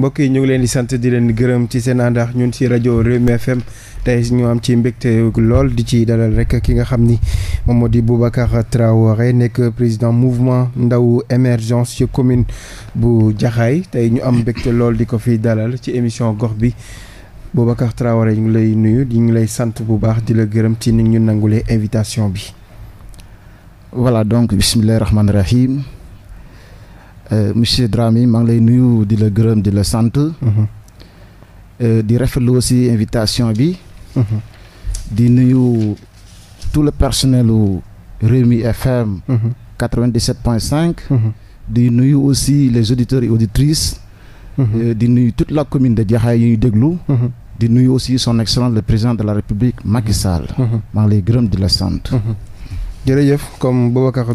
mbokk yi ñu ngi leen di sant di leen gërëm ci seen andax ñun si rajo Rewmi FM tey ñu am ci mbégte lool di ci dalal rek ki nga xam ni moom moo di Boubacar Traoré nekk président mouvement ndaw émergence ci commune bu Jaxaay tey ñu am mbégte lool di ko fi dalal ci émission gox bi Boubacar Traoré ñu ngi lay nuyu di ngi lay sant bu baax di la gërëm ci ni ñu nangulee invitation bi. voilà donc bisimilah rahmaani rahim. Euh, monsieur Dramé maa ngi lay nuyu di la gërëm di la sant. Mhm. Euh, di rafetlu aussi invitation bi. Mhm. di nuyu tout le personnel u Rewmi FM. 97.5. Mhm. di nuyu aussi les auditeurs et auditrices. Euh, di nuyu toute la commune de Jaxaay yi déglu. di nuyu aussi son excellence le président de la République Macky Sall. maa ngi lay gërëm di la sant. jërëjëf comme Boubacar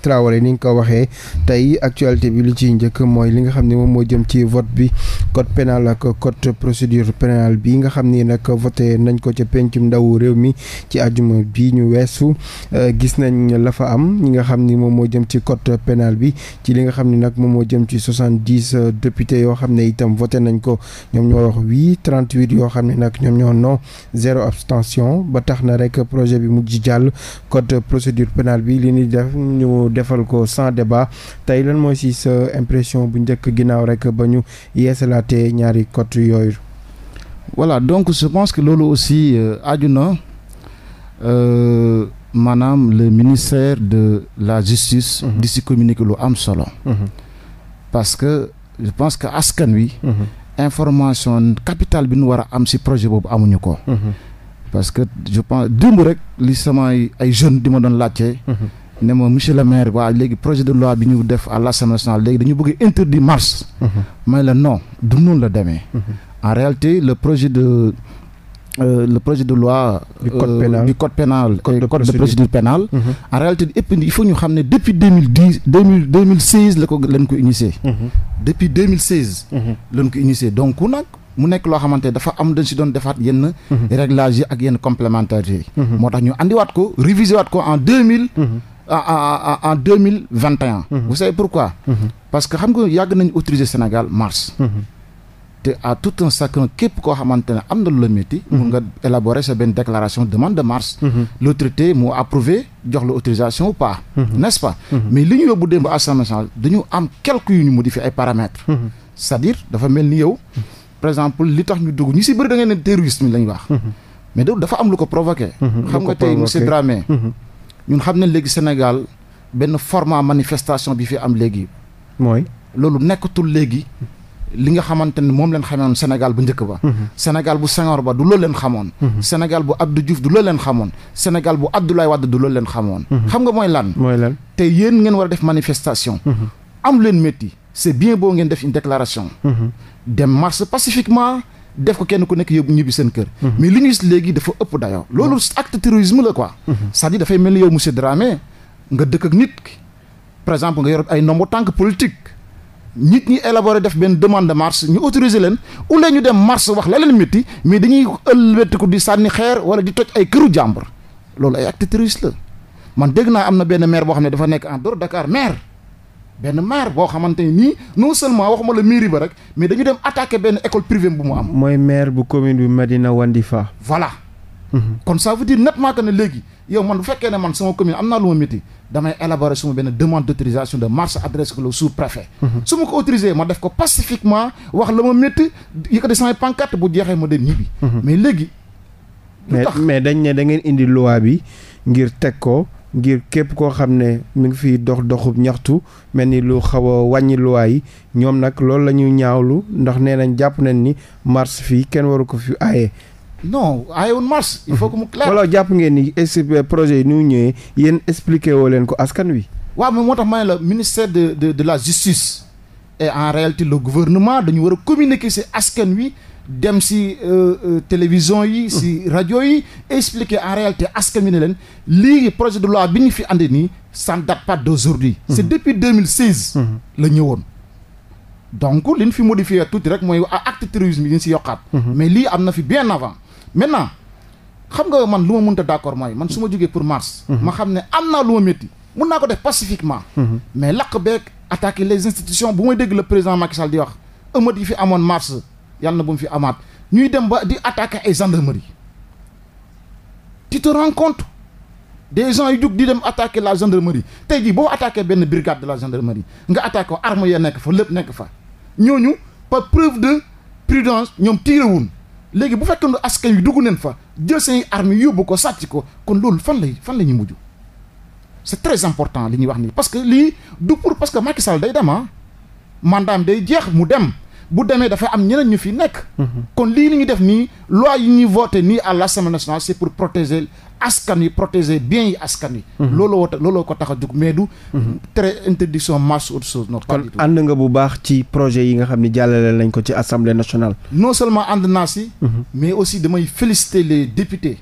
Traoré ni nga ko waxee tey actualité bi li ciy njëkk mooy li nga xam ne moom moo jëm ci vote bi code pénal ak code procédure pénale bi nga xam ni nag voté nañ ko ca pencum ndaw réew mi ci àjjuma bi ñu weesu euh, gis nañ la fa am ñi nga xam ni moom moo jëm ci code pénal bi ci li nga xam ni nag moom moo jëm ci soixante-dix euh, députés yoo xam ne itam voté nañ ko ñoom ñoo wax oui trente-huit yoo xam ne nag ñoom ñoo no zéro abstention ba tax na rek projet bi mujj jàll code procédure pénale bi li ñuy def ñu defal ko sans débat tey lan mooy si sa impression bu njëkk ginnaaw rek ba ñu yeesalaatee ñaari côte yooyu. voilà donc je pense que loolu aussi euh, aju na euh, maanaam le ministère de la justice. Mhm. di ci communiquer lu am solo. Mhm. parce que je pense que askan wi. Mhm. information capitale bi nu war a am si projet boobu amuñu ko. parce que je pense démb rek li samay ay jeunes di ma doon laajte. Mm-hmm. ne ma monsieur le maire waa léegi projet de loi bi ñu def à l'Assemblée nationale léegi dañu bëgg interdire marche. Mm-hmm. may la non du noonu la demee. Mm-hmm. en réalité le projet de euh, le projet de loi. du code euh, pénal du code pénal. code de code de di pénale. en réalité il faut ñu xam ne depuis la ko leen ko initié. depuis deux mille seize. leen ko nag mu nekk loo xamante dafa am dañ si doon defaat yenn mhm. réglage yi ak yenn complémentarité yi mhm. moo tax ñu andiwaat ko révisé waat ko en deux mille mhm. en mille vingt et un vous pourquoi parce que xam nga yàgg nañu autoriser Sénégal mars te à tout un chacun képp koo xamante ne am na lu la métti mun nga élaborer sa benn déclaration demande de mars l'autorité moo approuvé jox la autorisation ou pas n'est-ce pas mais li ñu yóbbu démb assemblée dañu am ay paramètres cest dafa mel ni yow par exemple li tax ñu dugg ñu si bëri da ngeen ne terroriste mi lañ wax. Mhm. mais dafa am lu ko provoqué. Mhm. xam nga tey monsieur Dramé. Mhm. ñun xam ne léegi Sénégal benn format manifestation bi fi am léegi. mooy loolu nekkatul léegi. li nga xamante ni moom leen xamoon Sénégal bu njëkk ba. Sénégal bu Senghor ba du loolu leen xamoon. Sénégal bu Abdou Diouf du loolu leen xamoon. Sénégal bu Abdoulaye Wade du loolu leen xamoon. xam nga mooy lan. mooy lan te yéen ngeen war def manifestation. am leen métti c'est bien boo ngeen def une déclaration. dem marche pacifiquement def ko kenn ku nekk yóbbu ñibbi seen kër. Mhm. mais li ñu gis léegi dafa ëpp dayoo. loolu acte terrorisme la quoi. Mhm. cest à dafay mel ni yow monsieur Dramé nga dëkk ak nit par exemple nga yor ay nombo tànk politique. nit ñi élaborer def benn demande de ñu autoriser leen ou ñu dem marche wax la leen métti mais dañuy ëllëg ko di sànni xeer wala di toj ay këru jàmbur loolu ay acte terroriste la man dégg naa am na benn maire boo xam ne dafa nekk en dehors Dakar benn maire boo xamante ni non seulement waxuma la mairie ba rek mais dañu dem attaquer benn école privée bu mu am. mooy maire bu commune bi Medina Wandifa. voilà. Mhm. kon ça veut dire nettement que ne léegi yow man bu fekkee ne man sama commune am naa lu ma métti damay élaborer suma benn demande d' de marche adresse ko le sous préfet. Mhm. su ma ko autorisé ma def ko pacifiquement wax la ma métti yëkkati samay pancarte bu jeexee ma dem ñibbi. Mhm. mais léegi. lu tax mais dañ ne da ngeen indi loi bi ngir teg ko. ngir képp koo xam ne mu ngi fi dox doxub ñaxtu mel ni lu xaw a wàññi ñoom nag loolu la ñuy ñaawlu ndax nee nañ jàpp nañ ni mars fii kenn waru ko fi aaye. non aayewul mars. il faut mu clair wala jàpp ngeen ni euh, projet yi ñu ñëwee yéen expliqué woo leen ko askan wi. waaw moo tax ma ne la ministère de de de la justice et en réalité le gouvernement dañu war a communiquer ci askan wi. dem si euh, euh, télévision yi si mm. rajo yi expliquer en réalité askan wi ne leen lii projet de loi bi ñu fi andi nii ça ne date pas d'aujourd'hui mm-hmm. c'est depuis 2016 mm-hmm. la ñëwoon donc li nu fi modifié tuuti rek mooy acte terrorisme yi ñu si yokkaat mm-hmm. mais lii am na fi bien avant maintenant xam nga man lu ma mënta d'accord mooy man su ma jógee pour mars ma xam ne am naa lu ma métti mun naa ko def pacifiquement mais lakk beeg attaquer les institutions bu may dégg le président Macky Sall wax ëmat yi fi amoon mars yal na bu mu fi amaat ñuy dem ba di attaquer ay gendarmerie tu te rends des gens yu jug di dem attaquer la de gendarmerie tey jii boo attaquer benn brigade de la gendarmerie nga attaquer ko arme ya nekk fa lépp nekk fa ñooñu par preuve de prudence ñoom tiire wuñ léegi bu fekkee ne askan yu dugg neen fa jël seen armes yóbbu ko sàcc ko kon loolu fan lay fan la ñuy mujj c'est très important li ñuy wax nii parce que lii du pour parce que Macky Sall day demaa ah mandaam day jeex mu dem. bu demee dafay am ñeneen ñu fi nekk. kon lii ni def nii loi yi ñuy voté nii à l'Assemblée nationale c'est pour protéger askan yi protéger bien yi askan yi. Mhm. looloo looloo ko tax a jug mais du. Mhm. très interdiction marche autre chose non. nga bu baax ci projet yi nga xam ne jàllale nañ ko ci Assemblée nationale. non seulement ànd naa si. Mhm. aussi damay féliciter les députés.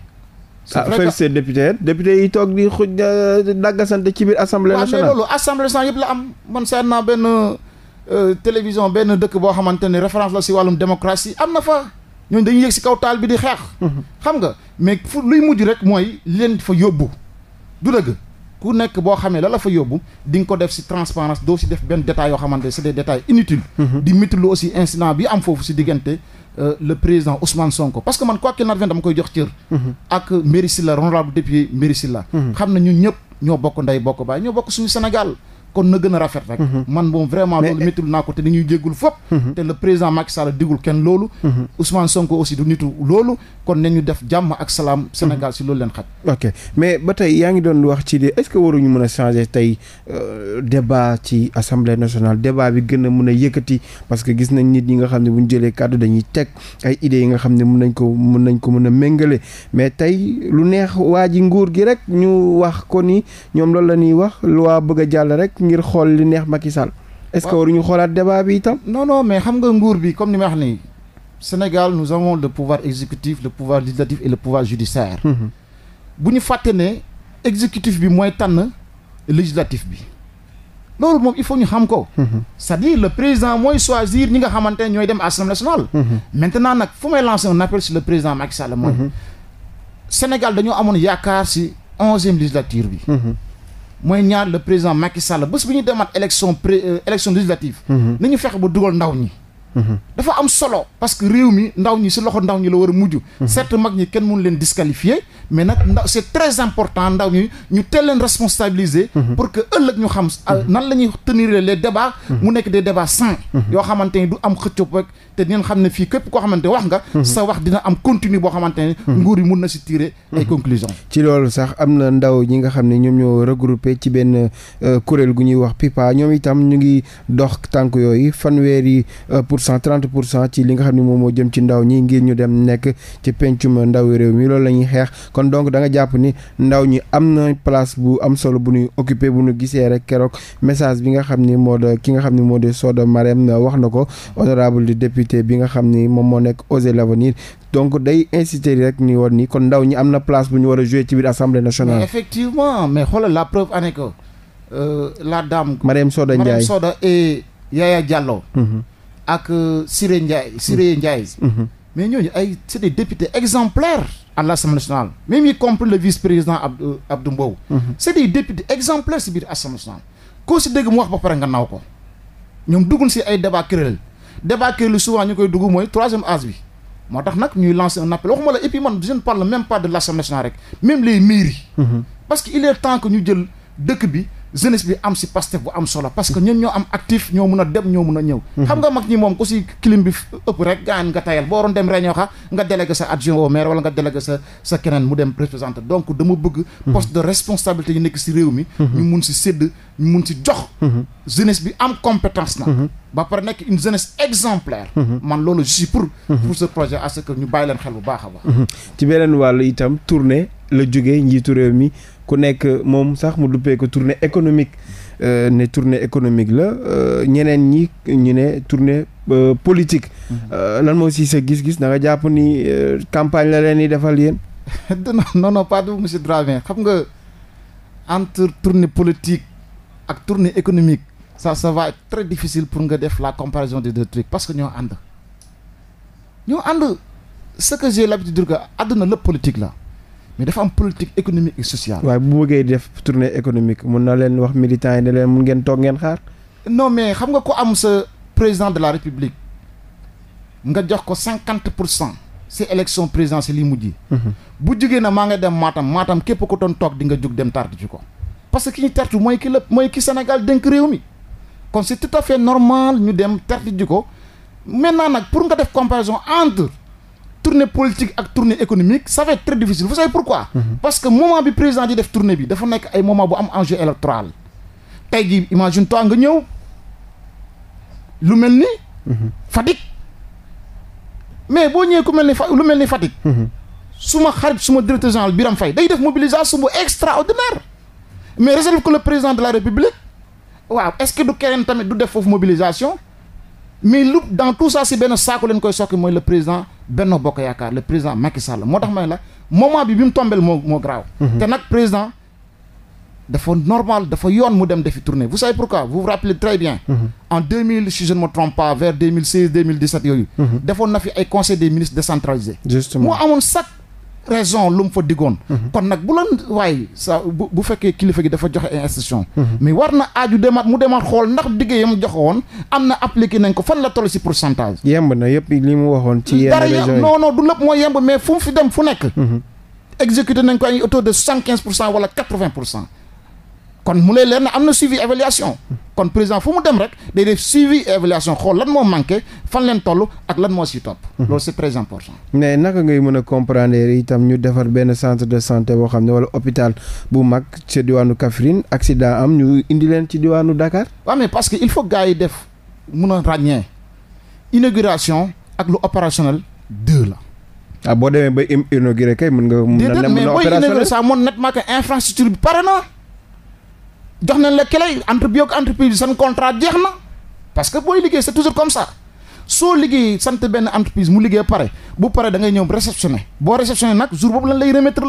c'est ah, vrai que ah député député yi toog di xuj euh, daggasante ci biir assemblée nationale. waaw mais loolu assemblée nationale yëpp la am man seet naa benn Euh, télévision benn dëkk boo xamante ne référence la si wàllum démocratie am na fa ñooñu dañuy yëg si kaw taal bi di xeex. xam nga mais fu luy mujj rek mooy leen fa yóbbu du dëgg. ku nekk boo xamee la la fa yóbbu di ko def ci transparence doo si def benn détail yoo xamante c'est des détails inutiles mhm. di mitulu aussi incident bi am foofu ci diggante euh, le président Ousmane Sonko parce que man quoi qu'il advienne dama koy jox cër mhm. ak Merry Sylla l'honorable député Merry Sylla mhm. na ñun ñëpp ñoo bokk ndey bokk baay ñoo bokk suñu Sénégal kon na gën a rafet rek. Mhm. man moom vraiment loolu méttiwul naa ko te dañuy jéggul fop mhm. te le président kenn loolu. Mhm. Ousmane Sonko aussi du nitu loolu kon nañu def jàmm ak salaam. Sénégal si loolu leen xaj. ok mais ba tey yaa ngi doon wax ci de est-ce que waruñu mën a changer tey euh, débat ci assemblée nationale débat bi gën a mën a yëkkati parce que gis nañ nit ñi nga xam ne bu ñu jëlee kàddu dañuy teg ay yi nga xam ne mën nañ ko mën nañ ko mën a méngale mais tey lu neex waa ji nguur gi rek ñu wax ko ni ñoom loolu la ñuy wax loi bëgg a jàll rek. ngir xool li neex Macky Sall est-ce que waruñu xoolaat débat bi itam. non non mais xam nga nguur bi comme ni ma wax nii Sénégal nous avons le pouvoir exécutif le pouvoir législatif et le pouvoir judiciaire. Mhm. bu ñu fàtte ne exécutif bi mooy tànn législatif bi. loolu moom il faut ñu xam ko. Mhm. c'est-à-dire le président mooy choisir ñi nga xamante ne ñooy dem assemblée nationale. Mhm. maintenant nag fu may lancer un appel sur le président Macky Sall mooy. Sénégal dañoo amoon yaakaar ci onzième législature bi. mooy ñaar le président Macky Sall bés bu ñu demaat élection pré euh, élection législative. Mhm. ñu fexe ba dugal ndaw ñi. Mhm. dafa am solo parce que réew mi ndaw ñi si loxo ndaw ñi la war a mujj. Mhm. certes mag ñi kenn mun leen disqualifier mais nag ndaw c'est très important ndaw ñi ñu teel leen responsabiliser. pour que ëllëg ñu xam. Ah, nan la ñuy tenir les débats. mu nekk des débats sains. yoo xamante ni du am xëccoo rek te dinañ xam ne fii képp koo xamante wax nga mhm. sa wax dina am continue boo xamante ne mhm. nguur yi mun na si tirer ay mhm. conclusion ci loolu sax am na ndaw ñi nga xam ne ñoom ñoo regroupé ci benn euh, kuréel gu ñuy wax PIPA ñoom itam ñu ngi dox tànk yooyu fanweeri euh, pour cent trente pour cent ci li nga xam ne moom moo jëm ci ndaw ñi ngir ñu dem nekk ci pencum ndaw réew mi loolu la ñuy xeex kon donc danga jàpp ni ndaw ñi am na place bu am solo bu nuy occupé bu ñu gisee rek keroog message bi nga xam ni moo de ki nga xam ne moo de Soda Marème wax na ko honorable député activité bi nga xam ni moom moo nekk Oser l'avenir donc day incité rek ni woon ni kon ndaw ñi am na place bu ñu war a jouer ci biir assemblée nationale. mais effectivement mais xoolal la preuve année que a euh, la dame. Mariam Soda Ndiaye Mariam Soda et Yaya mhm. euh, mhm. Mhm. mais ñooñu ay c'est des députés exemplaires à l'Assemblée nationale même y compris le vice-président Abdou euh, Abdou Mbow c'est des députés exemplaires si biir Assemblée nationale koo si dégg mu wax ba nga naw ko ñoom dugul si ay débat kuréel débat que lu souvent ñu koy dugg mooy troisième âge bi moo tax nag ñuy lancer un appel waxuma la et puis man je ne parle même pas de l'Assemblée nationale rek même les mairies. Mm-hmm. parce que il est temps que ñu jël dëkk bi jeunesse bi am si Pastef bu am solo parce que ñun ñoo am actif ñoo mun a dem ñoo mun a ñëw mhm. xam nga mag ñi moom ku si clim bi ëpp rek gaan nga tayal boo waroon dem réunion xa nga délégué sa adjoint au maire wala nga délégué sa sa keneen mu dem représenté donc dama bëgg mhm. poste de responsabilité yu nekk si réew mi mhm. ñu mun si sédd ñu mun si jox jeunesse bi am compétence na ba pare nekk une jeunesse exemplaire man loolu je suis pour pour ce projet à ce que ñu bàyyi leen xel bu baax a baax ci beneen wàllu itam tournée la jógee njiitu réew mi ku nekk moom sax mu duppee ko tournée économique euh, ne tournée économique la euh, ñeneen ñi ñu ne tournée euh, politique. Mhm. lan moo si sa gis-gis da jàpp ni campagne la leen di defal yéen. non non pas du monsieur Dramé xam nga entre tournée politique ak tournée économique. ça ça va être très difficile pour nga def la comparaison des deux trucs parce que ñoo ànd ñoo ànd ce que j'ai l'habitude de dire àdduna lépp politique la mais dafa am politique économique et sociale. waaye bu bëggee def tournée économique mun na leen wax militants yi ne leen mun ngeen toog ngeen xaar. non mais xam nga ko am sa président de la république nga jox ko cinquante pour cent si élection présidentielle yi mujj. Mhm. bu jugee na maa nga dem Matam Matam képp ko doon toog di nga jug dem tartu ko. parce que ki ñu tertu mooy ki lépp mooy ki Sénégal dénk réew mi kon c'est tout à fait normal ñu dem tertu ji ko maintenant nag pour nga def comparaison entre. tournée politique ak tournée économique ça va être très difficile vous savez pourquoi mhm. parce que moment bi président di def tournée bi dafa nekk ay moment bu am enjeu électoral tey jii imagine toi nga ñëw lu mel ni mhm. Fatick mais boo ñëwee ku mel ni lu mel ni Fatick mhm. suma xarit suma directeur général Biram fay day def mobilisation bu extraordinaire mais réserve que le président de la République waaw est-ce que du keneen tamit du def foofu mobilisation mais lu dans tout ça si benn saako koy sokki mooy le président Benno Bokk Yaakaar le président Macky Sall moo tax may la moment bi bi mu tombeel moo moo mhm. te nag président dafa normal dafa yoon mu dem defi tournée vous savez pourquoi vous rappelez très bien mhm. en 2000 si je ne vers yooyu mhm. defoon na fi conseil des ministres décentralisé moo amoon chaque raison lu mu fa diggoon. Mhm. kon nag bu loon waaye sa bu bu fekkee kilifa gi dafa joxe institution. Mhm. mais war na aaju demaat mu demaat xool ndax diggé yam joxe woon am na appliqué nañ ko fan la toll si pourcentage. yemb na yëpp li mu waxoon. ci yenn régions yi non du lépp mooy yemb mais fu fi dem fu nekk. Mhm. exécuté nañ ko ay autour de cent pour cent wala quatre pour cent. kon mu ne leen am na suivi évaluation kon président fu mu dem rek day def suivi évaluation xool lan moo manqué fan leen toll ak lan moo si topp. Mhm. loolu c'est très important. mais naka ngay mën a comprendre itam ñu defar benn centre de santé boo xam ne wala hôpital bu mag ci diwaanu Kaffrine accident am ñu indi leen ci diwaanu Dakar. waaw mais parce que il faut gars yi def mun a ràññee inauguration ak lu opérationnel deux la. ah boo demee ba inauguré kay mën nga. mën na a jox nañ la clé entreprise ak entreprise seen contrat jeex na comme ça soo liggéey sant benn entreprise mu liggéey pare bu pare da ngay ñëw réceptionné boo réceptionné nag jour boobu lañ lay remettre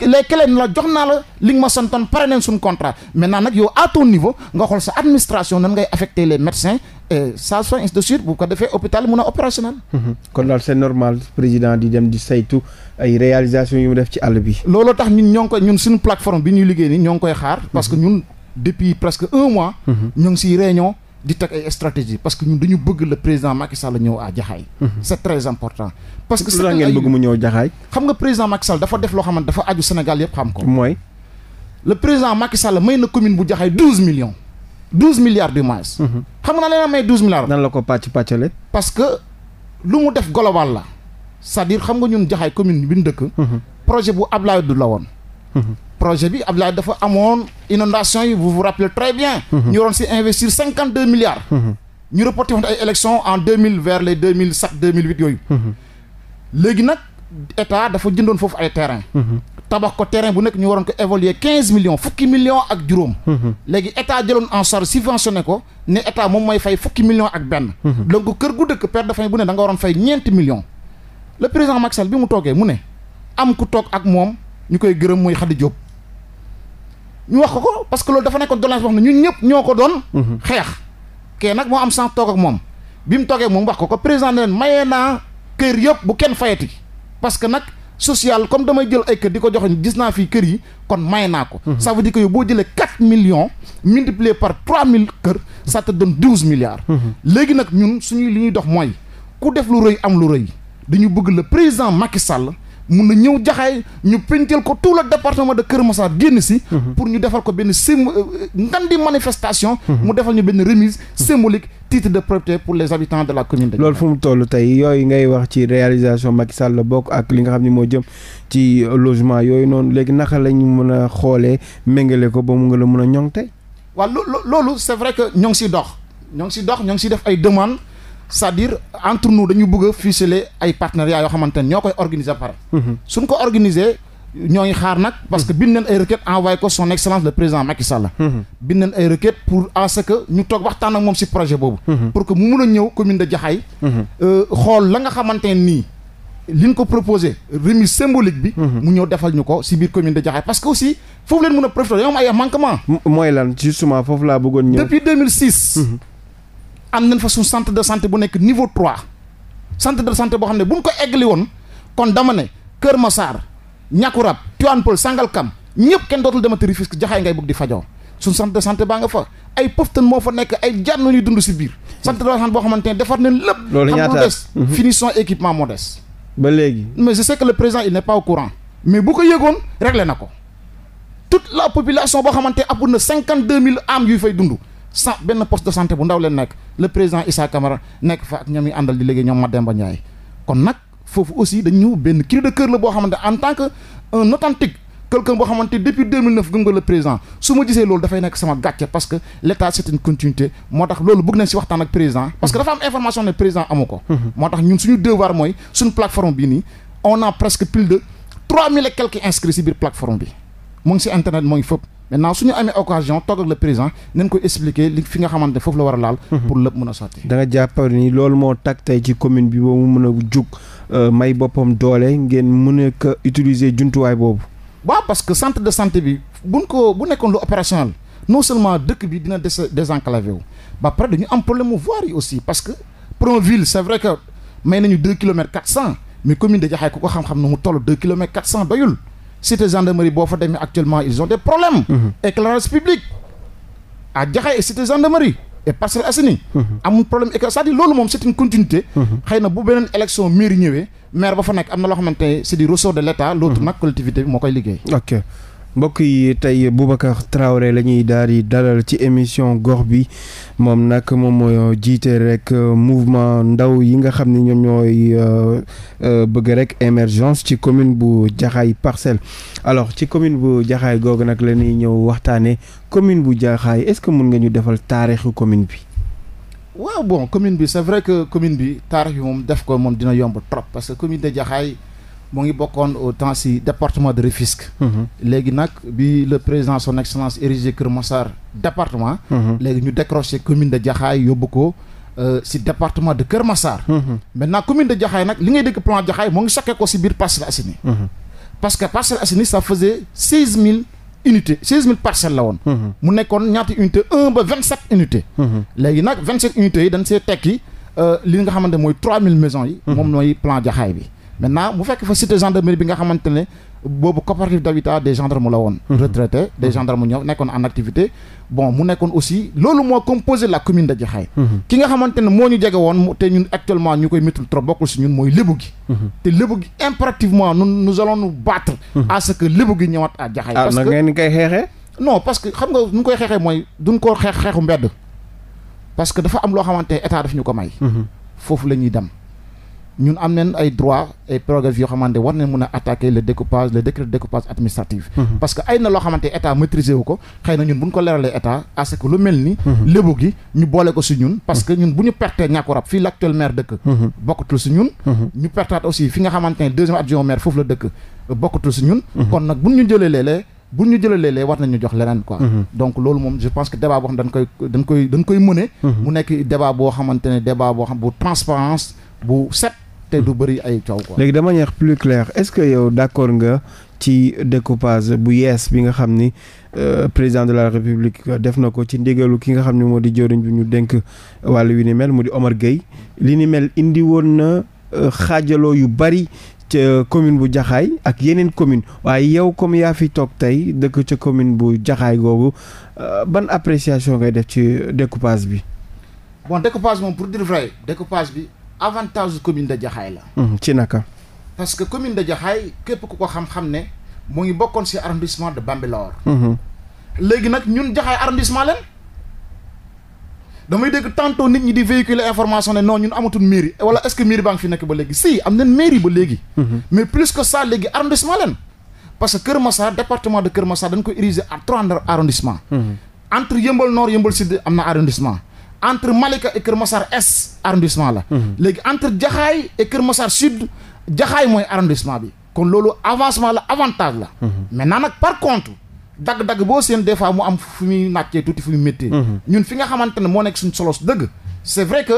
les clés la jox naa la li nga ma santoon pare nañ suñ contrat maintenant nag yow à ton niveau nga xool sa administration nan ngay affecté les médecins et sages-femmes ainsi de suite bu ko defee hôpital mun a opérationnel. Mhm. kon daal c'est normal président di dem di saytu ay réalisations yu mu def ci àll bi. looloo tax ñun ñoo ngi koy ñun suñu plateforme bi ñuy liggéey nii ñoo ngi koy xaar. depuis presque un mois. ñoo ngi siy réunion di teg ay stratégie parce que ñun dañu bëgg le président Macky la ñëw à Jaxaay. Mhm. c' est très important. parce que c' ngeen bëgg mu ñëw Jaxaay. xam nga président Macky Sall dafa def loo ne dafa aju Sénégal yëpp xam ko. mooy. le président Macky Sall may na commune bu Jaxaay douze millions. douze milliards du mhm. xam nga leen may douze milliards. nan la ko pàcc pàccale. parce que lu mu def global la. cest à xam nga ñun Jaxaay commune bi nu dëkk. Mhm. projet bu Ablaye Wade la woon. projet bi Abdoulaye dafa amoon inondation yi vous vous rappelez très bien. Mhm. ñu waroon si investir cinquante deux milliards. Mhm. ñu reporté woon en deux mille vers les deux mille sept deux mille huit yooyu. Mhm. léegi nag dafa jëndoon foofu ay terrain. tabax ko terrain bu nekk ñu waroon ko évoluer quinze millions fukki millions ak juróom. léegi état jëloon en charge subventionné ko ne état moom mooy fay fukki millions ak benn. donc kër gu dëkk perte dafay bu ne da nga fay ñeenti millions. le président Macky bi mu toogee mu ne am ku toog ak moom ñu koy gërëm mooy Khady Diop. ñu wax ko ko parce que loolu dafa nekkoon doléance wax na ne ñun ñëpp ñoo ko doon. Mhm. xeex kee nag moo am sans toog ak moom bi mu toogee moom wax ko ko président ne leen mayee naa kër yëpp bu kenn fayati parce que nag. social comme damay jël ay kër di ko joxe gis naa fii kër yi kon may naa ko. Mhm. ça veut dire que yow boo jëlee million millions multiplié par trois mille kër ça te donne douze milliards. Mhm. léegi nag ñun suñuy li ñuy dox mooy ku def lu rëy am lu rëy dañu bëgg le président Macky Sall. mun na ñëw jaxaay ñu pentel ko tout le département de Kër Massar génn si. Mhm. pour ñu defal ko benn sym euh, euh, ngandi manifestation. Mhm. mu defal ñu benn remise symbolique titre de propriété pour les habitants de la commune de. loolu fu mu toll tey yooyu ngay wax ci réalisation Macky Sall la bokk ak li nga xam ne moo jëm ci logement yooyu noonu léegi naka la ñu mën a xoolee méngale ko ba mu nga la mun a ñoŋ tey. waaw loolu c'est vrai que ñoo ngi siy dox ñoo ngi siy dox ñoo ngi siy def ay demandes. c'est-à-dire entre nous dañu bëgg a ay partenariats yoo xamante ne ñoo koy organiser par mhm. suñ ko organiser ñoo ngi xaar nag parce que bind nañ ay requête envoyé ko son excellence le président Macky Sall. Mhm. bind nañ ay requête pour à que ñu toog waxtaan ak moom si projet boobu. Mhm. pour que mu mun a ñëw commune de Jaxaay. Euh, xool la nga xamante ne nii liñ ko proposé remise symbolique bi. mu ñëw defal ñu ko si biir commune de Jaxaay parce que aussi am nañ fa suñ centre de santé bu nekk niveau 3 centre de sante boo xam ne buñ ko eggali woon kon dama ne Kër Massar Ñakurab Tivaouane Peulh Sangalkam ñëpp kenn dootul demati Rufisque jaxaay ngay bëgg di fajoo suñ centre de santé baa nga fa ay pëftan moo fa nekk ay jànnu ñuy dund si biir sant hmm. de santé boo xamante ne defar nañ lépp loolu ñaata hmm. finition équipement moo des ba léegi mais je sais que le président il n'est pas au courant mais bu ko yëgoon réglé na ko toute la population boo xamante ne na cinquante deux mille âmes fay dund sa benn poste de santé bu ndaw leen nekk le président Issa Camara nekk fa ak ñoom yi àndal di léegi ñoom Mademba Ndiaye kon nag foofu aussi dañu benn cri de cœur la boo xamante en tant que un authentique quelqu'un boo xamante depuis 2009 gëm nga le président su ma gisee loolu dafay nekk sama gàcce parce que l'état c'est une continuité moo tax loolu bëgg nañ ci waxtaan ak président parce que dafa am information ne président amu ko mhm. moo tax ñun suñu devoir maintenant suñu amee occasion toog ak le président nañ ko expliquer li fi nga xamante foofu la war a laal mhm. pour lépp mën a sotti da nga jàpp loolu moo tag tey ci commune bi boobu mën a jug euh, may boppam doole ngeen mu a ko utiliser jumtuwaay boobu waaw parce que centre de santé bi buñ ko bu nekkoon lu opérationnel non seulement dëkk bi dina des désenclavé wu ba pare dañu am problème mu voir yi aussi parce que Promoville c'est vrai que may nañu deux kilomètres quatre cent mais cité gendarmerie boo fa demee actuellement ils ont des problèmes. Mhm. éclairage public à Jaxaay et cité gendarmerie et Parcelles Assainies. Mhm. amul problème éclairage cest à loolu moom c'est une continuité. Mhm. na bu beneen élection mairie ñëwee maire ba fa nekk am na loo xamante ne c'est du ressort de l'État. l'autre nag collectivité moo koy liggéey. ok. mbokk yi tey Boubacar Traoré la ñuy daal di dalal ci émission gox bi moom nag moom mooy jiite rek euh, mouvement ndaw yi nga xam ni ñoom ñooy euh, euh, bëgg rek émergence ci commune bu Jaxaay parcelle alors ci commune bu Jaxaay googu nag la ñuy ñëw waxtaanee commune bu Jaxaay est-ce que mun nga ñu defal taarixu commune bi. waaw bon commune bi c'est vrai que commune bi taarix bi moom def ko moom dina yomb trop parce que commune de Jaxaay. moo ngi bokkoon au temps si département de Rufisque. Mhm. léegi nag bi le président son excellence érigé Kër Massar département. Mhm. léegi ñu décroché commune de Jaxaay yóbbu ko si euh, département de Kër Massar. Mhm. maintenant commune de Jaxaay nag li ngay dégg plan Jaxaay mu ngi choqué ko si biir Parcelles Assainies. parce que Parcelles Assainies ça faisait seize mille. unité seize mille parcelles la woon mu nekkoon ñaata unité un ba vingt sept unité léegi nag vingt sept unités yi dañ see tekki euh, li nga xamante mooy trois mille maisons yi moom mooy plan jaxaay bi maintenant bu fekk fa cité gendarmerie bi nga xamante ne boobu coopérative d'habitat des gendarmes la woon mhm. retraité des mhm. gendarmes ñëw nekkoon en activité bon mu nekkoon aussi loolu moo composé la commune de Jaxaay mhm. ki nga xamante ne moo ñu jege woon te ñun actuellement ñu koy méttul trop bokkul si ñun mooy lébu gi te lébu gi impérativement nous nous allons nous battre à que lébu gi ñëwaat a Jaxaay ah, parce que ah xeexee non parce que xam nga nu ñu koy xeexee mooy du duñ ko xeex xeexu mbedd parce que dafa am loo xamante état daf ñu ko may foofu la ñuy dem ñun am nañ ay droits et prérogatives yoo xamante war nañ mën a attaquer le découpage le décret de découpage mhm. parce que ay na loo xamante état maîtriser ko xëy ñun bu ñu ko leeralee état à ce lu mel ni. Mhm. lébu gi ñu boole ko si ñun. parce mhm. que ñun bu ñu pertee ñàkku rab fi nga xamante maire dëkk bokkatul si ñun. kon nag bu ñu jëlee léeg bu ñu jëlee léeg war nañu jox leneen quoi. loolu moom je pense que débat boo xam dañ koy te du bëri ay coow quoi. léegi de manière plus claire est-ce que yow d'accord nga ci décopage bu yees bi nga xam ni euh, président de la république def na ko ci ndigalu ki nga xam ne moo di jëriñ bu ñu dénk wàllu wi ni mel mu di Omar Gueye li ni mel indi woon na euh, xaajaloo yu bari ca commune bu jaxaay ak yeneen commune waaye yow comme yaa fi toog tey dëkk ca commune bu jaxaay googu euh, ban appréciation ngay def ci décopage bi. avantage commune de Jaxaay hmm, ci naka. parce que commune de Jaxaay képp ku ko xam-xam ne mu ngi bokkoon si arrondissement de Bambilor. Hmm. léegi nag ñun Jaxaay arrondissement leen. damay dégg tantôt nit ñi di véhiculer information ne non ñun amatul mairie wala est-ce que mairie baa ngi fi nekk ba léegi si am nañ mairie ba léegi. Hmm. mais plus que ça léegi arrondissement leen. parce que Kër Massar département de Kër Massar dañ ko ériger à trois arrondissement entre Yëmbal Nord Yëmbal Sud am na arrondissement. entre Malika et Kër Massar est arrondissement la. Mhm. léegi entre Jaxaay et Kër Massar sud Jaxaay mooy arrondissement bi. kon loolu avancement la avantage la. Mhm. maintenant nag par contre dagg-dagg boo seen des fois mu am fu muy nàccee tuuti fu muy méttee. Mhm. ñun fi nga xamante ne moo nekk suñ solos dëgg. c'est vrai que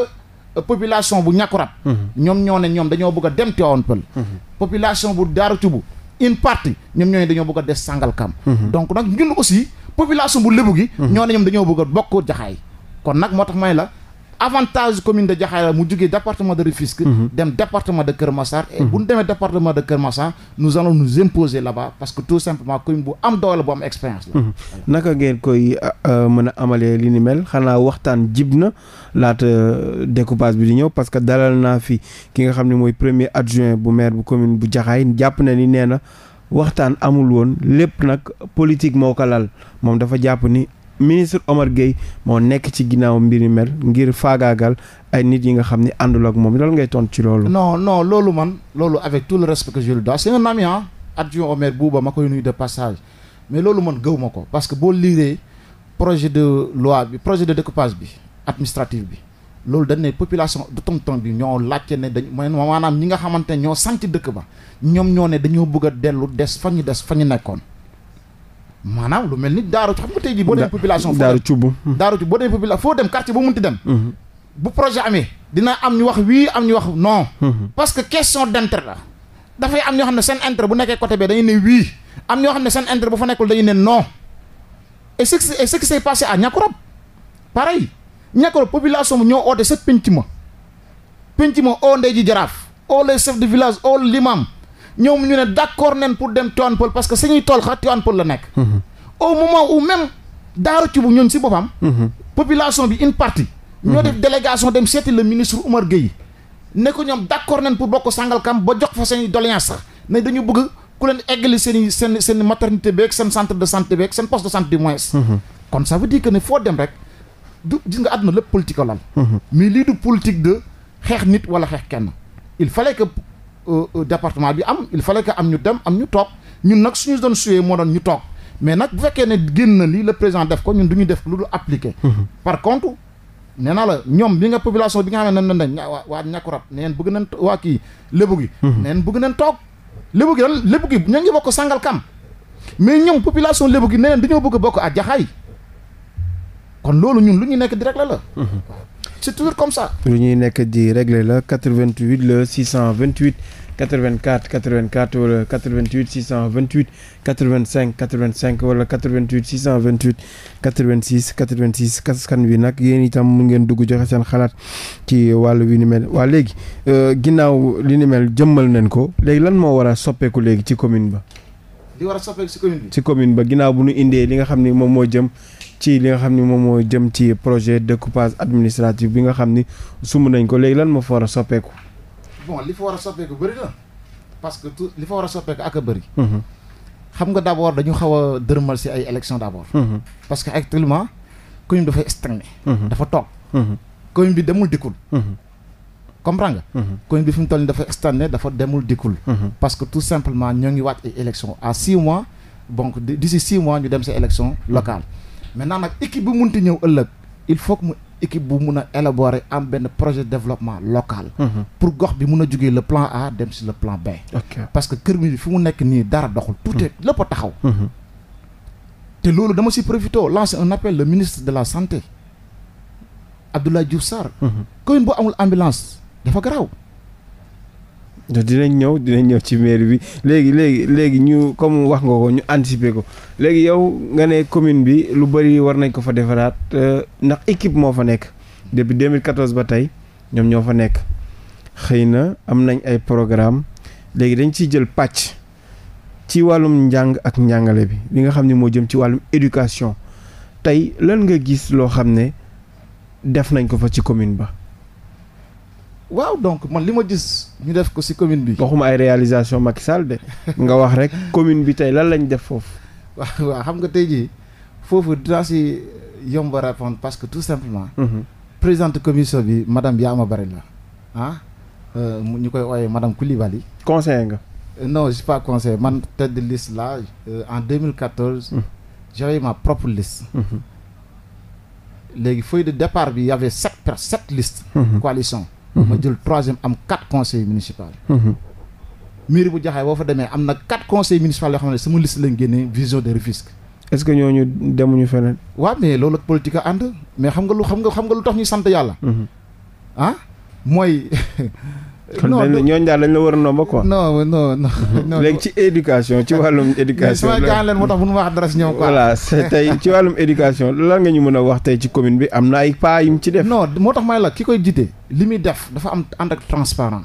euh, population bu ñàkkurat ñoom ñoo ne ñoom dañoo bëgg a dem Tivaouane Peulh. population bu Daaru bu une partie ñoom ñoo dañoo bëgg a des Sangalkam. donc nag ñun aussi population bu lébu gi. ñoo ne ñoom dañoo bëgg a bokk jaxaay. kon nag moo tax may la avantage commune de Jaxaay la mu jugee département de Rufisque mhm. dem département de Kër Massar et mhm. bu ñu demee département de Kër Massar nous allons nous imposer là-bas parce que tout simplement commune bu am doole bu am expérience la mhm. naka ngeen koy euh, euh, mën a amalee li ni mel xanaa waxtaan jib na laata euh, découpage bi di ñëw parce que dalal naa fi ki nga xam ne mooy premier adjoint bu maire bu commune bu Jaxaay jàpp na ni nee na waxtaan amul woon lépp nag politique moo ko lal moom dafa jàpp ni ministre Omar Gueye moo nekk ci ginnaaw mbir mel ngir faagaagal ay nit yi nga xam ne àndul ak moom loolu ngay tontu ci loolu. non non loolu man loolu avec tout le respect que je lui dois c'est un ami ah adjoint au maire ma koy nuyu de passage mais loolu man gëw ko parce que boo liiree projet de loi bi projet de découpage bi administratif bi. loolu dana ne population de tonton bi ñoo laajte ne dañ maanaam ñi nga xamante ñoo sànc dëkk ba ñoom ñoo ne dañoo bëgg a dellu des fa ñu des fa ñu nekkoon maanaam lu mel ni daaru xam nga tey jii boo demee population daaru cubb hmm. daaru cubb boo demee population foo dem hmm. bu projet amee dina am ñu wax oui am ñu wax non hmm. parce que question d'intérêt la dafay am ñoo xam ne seen entre bu nekkee côté bi dañuy ne oui am ñoo xam ne seen intérêt bu fa nekkul dañuy ne non et ce et ce qui s'est passé à Niakorab pareil Niakorab population bi ñoo oote sa penc ma penc ma oo ndey ji jaraaf oo les chefs de village oo l'imam ñoom ñu ne d'accord nen pour dem Tivaouane Peulh parce que suñuy tool xa Tivaouane Peulh la nekk mhm. au moment où même daaru ci bu ñun si boppam mhm. population bi une parti ñoo mhm. def délégation dem seeti le ministre Oumar Gueye ne ko ñoom d'accord nen pour bokk Sangalkam ba jox fa seen i doléance sax ne dañu bëgg ku leen eggali seen i seen seen maternité beek seen centre de santé beeg seen poste de santé du moins kon ça veut dire que ne foo dem rek du gis nga àdduna lépp politique lal mais lii du politique de xeex nit wala xeex kenn il fallait que Euh, euh, département bi am il fallait que am ñu dem am ñu toog ñun nag suñu doon suyee moo doon ñu toog mais nag bu fekkee ne génn na lii la président def ko ñun du ñu def lu dul appliqué. Mhm. par contre nee naa la ñoom bi nga population bi nga xam na nan nan dañ waa waa ñàkkurab neen bëgg nañ waa kii lébu gi. Mhm. neen bëgg nañ toog lébu gi lan lébu gi bokk sàngal kam mais ñoom population lébu gi nee dañoo bëgg bokk ak jaxaay loolu ñun lu ñu nekk direct la la. Mhm. c'est comme ça. lu ñuy nekk di régler la 88 le 628 84 84 wala 88 628 85 85 wala 88 628 86 86 kaskan wi nag yéen itam mu ngeen dugg joxe seen xalaat ci wàll wi ni mel waa léegi euh, ginnaaw li ni mel jëmmal nañ ko léegi lan moo war a soppeeku léegi ci commune ba. di a ci commune ba ginnaaw bu ñu indee li nga xam ni moom moo jëm. ci li nga xam ni moom moo jëm ci projet découpage administratif bi nga xam ni sumb nañ ko léegi lan moo fa war a soppeeku. bon li fa war a soppeeku bëri na parce que li fa war a soppeeku ak a bëri. Mhm. xam nga d' abord dañu xaw a dërmal si ay élection d' abord. Mhm. parce que actuellement commune dafay stagné. Mhm. dafa toog. commune bi demul dikkul. comprends nga. commune bi fi mu toll nii dafa stagné dafa demul dikkul. parce que tout simplement ñoo ngi waat ay élection à six mois donc d'ici six mois ñu dem mais maintenant nag équipe bu munti ñëw ëllëg il faut que mu équipe bu mun a élaborer am benn projet de développement local. Mhm. pour gox bi mun a jugee le plan A dem si le plan B. parce que kër mi fi mu nekk nii dara doxul. tout est mhm. lépp a taxaw. Mhm. te loolu dama si profité lancer un appel le ministre de la santé Abdoulaye Diouf Sarr. commune bu amul ambulance dafa garaaw. dinañ ñëw dinañ ñëw ci mairie bi léegi léegi léegi ñu comme wax nga ko ñu anticiper ko léegi yow nga ne commune bi lu bëri war nañ ko fa defaraat ndax équipe moo fa nekk depuis 2014 ba tey ñoom ñoo fa nekk xëy na am nañ ay programme léegi dañ ciy jël pàcc ci wàllum njàng ak njàngale bi li nga xam ne moo jëm ci wàllum éducation tey lan nga gis loo xam ne def nañ ko fa ci commune ba waaw donc man li ma gis ñu def ko si commune bi. waxuma ay réalisation Macky Sall de nga wax rek commune bi tey lan lañ def foofu. waaw waaw xam nga tey jii foofu dinaa si yomb a parce que tout simplement. Mhm. présidente commission bi madame ma Bari la ah euh, ñu koy ooyee madame Coulibaly. conseiller nga. Euh, non je suis pas conseiller man tête de liste là euh, en 2014. Mhm. j'avais ma propre liste. Mhm. léegi feuille de départ bi y avait sept per sept listes. coalition. Mhm. ma jël troisième am quatre conseils municipaux. Mhm. mairie bu jaxaay boo fa demee am na quatre conseils municipaux yoo xam ne sama liste lañ génnee vision de Rufisque. est-ce que ñooñu demuñu feneen. waaw mais loolu ak politique a ànd mais xam nga lu xam nga xam nga lu tax ñuy sant yàlla. Mhm. ah mooy. kon ñooñu daal lañ la war a nomba quoi. non non non. léegi ci éducation ci wàllum éducation. mais sama leen moo tax bu ñu wax dara si ñoom quoi. voilà tey ci wàllum nga a wax tey ci commune bi am na ay pas yu mu ci def. non moo tax may la ki koy jiite li muy def dafa am ànd ak transparent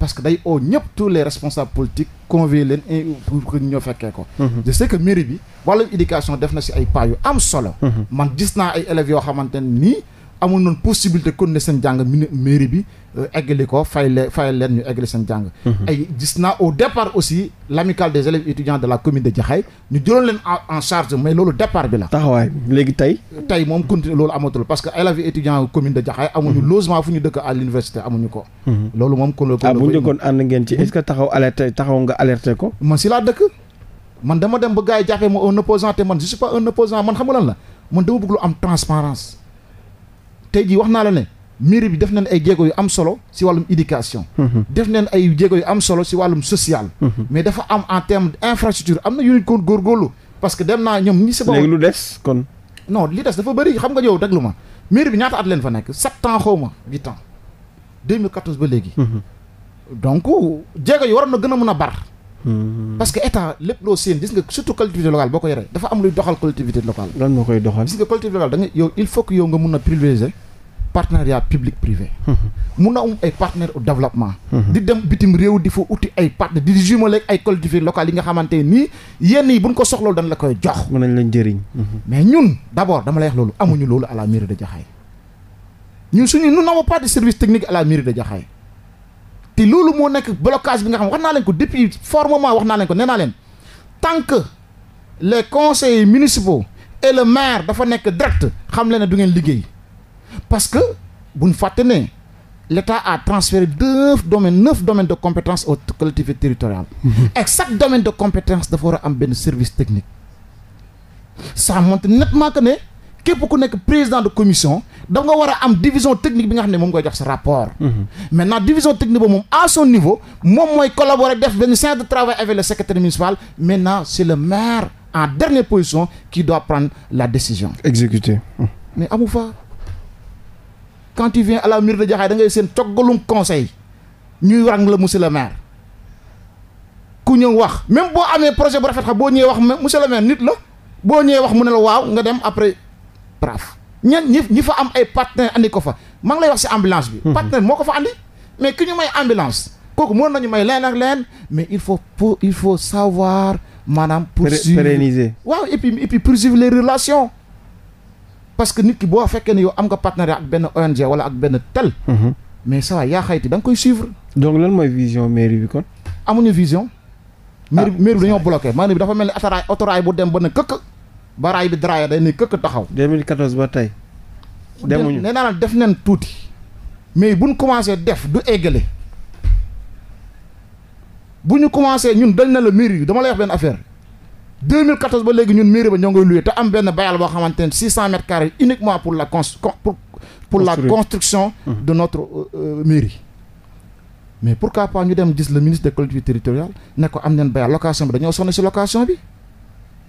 parce que day oo ñëpp tout les responsables politiques convier leen pour que ñoo fekkee ko. Mhm. je sais que mairie bi wàllum éducation def na si ay pas yu am solo. Mhm. man gis naa ay élèves yoo xamante nii amoon noonu possibilité kon ne seen jàng mairie bi. eggali ko fay leen fayal leen ñu eggali seen jàng. Mhm. ay gis naa au départ aussi l'amicale des élèves étudiants de la commune de Jaxaay ñu jëloon leen en charge mais loolu départ bi la. taxawaay léegi tey. tey moom continué loolu amatul parce que élèves étudiants commune de Jaxaay amuñu mhm. logement fu ñu dëkk à mhm. loolu moom kon la ah, bu njëkkoon ànd ngeen ci est-ce que taxaw alerté taxaw nga alerté ko. man si laa dëkk man dama dem ba gars yi jàppee ma un opposant te man je suis pas un opposant man xam nga lan la man dama bëgg wax naa la ne mairie bi def nañ ay jéego yu am solo si wàllum éducation. Mhm. def nañ ay jéego yu am solo si wàllum social. Mhm. mais dafa am en terme d'infrastructure am na yu ñu ko parce que dem naa ñoom ñi si bopp léegi lu des kon. non li des dafa bëri xam nga yow déglu ma mairie bi ñaata at leen fa nekk sept ans xaw ma huit ans 2014 mhm. waroon na gën a mën a bar. parce que état lépp loo seen gis nga surtout collectivité locale boo ko yoree dafa am luy doxal collectivité locale. lan yow il faut que yow nga mun a privilégier. partenariat public privé mun na am ay partenaire au di dem bitim réew di fa uti ay partenaire di jumale ay collectivités locale yi nga xamante nii yenn yi buñ ko soxloolu dañ la koy jox mën nañ lañ jëriñ mais ñun d'abord dama la wax loolu amuñu loolu à la mairie de Jaxaay ñun suñu nous n'avons pas de service technique à la mairie de Jaxaay te loolu moo nekk blocage bi nga xam wax naa leen ko depuis fort wax naa leen ko nee tant que les conseils municipaux et le maire dafa nekk direct xam leen ne du ngeen liggéey parce que bu ñu fàtte ne l'État a transféré neuf domaines neuf de compétence aux collectivités territoriales. Mhm. et chaque domaine de compétence dafa war a am benn service technique. ça montre nettement que ne képp ku nekk président de commission da nga war a am division technique bi nga xam ne moom ngay jox sa rapport. Mhm. maintenant division technique boobu moom à son niveau moom mooy collaborer def benn séance de travail avec le secrétaire municipal maintenant c'est le maire en dernière position qui doit prendre la décision. exécuter. quand tu à la mairie de Jaxaay da ngay seen coggalum conseil ñuy rang la monsieur le maire ku ñëw wax même boo amee projet bu rafet xam boo ñëwee wax monsieur le maire nit la boo ñëwee wax mu ne la waaw nga dem après braf ñan ñi ñi fa am ay partenaire andi ko fa man lay wax si ambulance bi hmm. partenaire moo ko fa andi mais ki ñu may ambulance kooku mën nañu may leen ak leen mais il faut pour il faut savoir maanaam pour pérenniser waaw et puis et puis les relations parce que nit ki boo fekkee ne yow am nga partenariat ak benn ONG wala ak benn tel. Mhm. mais ça va yaa xayti da nga koy suivre. donc lan mooy vision mairie bi kon. amuñu vision. Ah. mairie bi mairie bi dañoo bloqué dafa mel ni ataraay autoraay bu dem ba ne këkk. ba raay bi draaya day ne këkk taxaw. 2014 ba tey. demuñu nee naa def nañ tuuti. mais bu buñ commencé def du eggale. bu ñu commencé ñun dañ na la mairie bi dama lay wax benn affaire. 2014 ba léegi ñun mairie ba ñoo ngay loué te am benn bayal boo xamante ne 600 mètres carrés uniquement pour la cons pour pour la construction mmh. de notre euh, euh, mairie mais pourquoi pas ñu dem gis le ministre des collectivités territoriales ne ko am neen bayal location bi dañoo sonn si location bi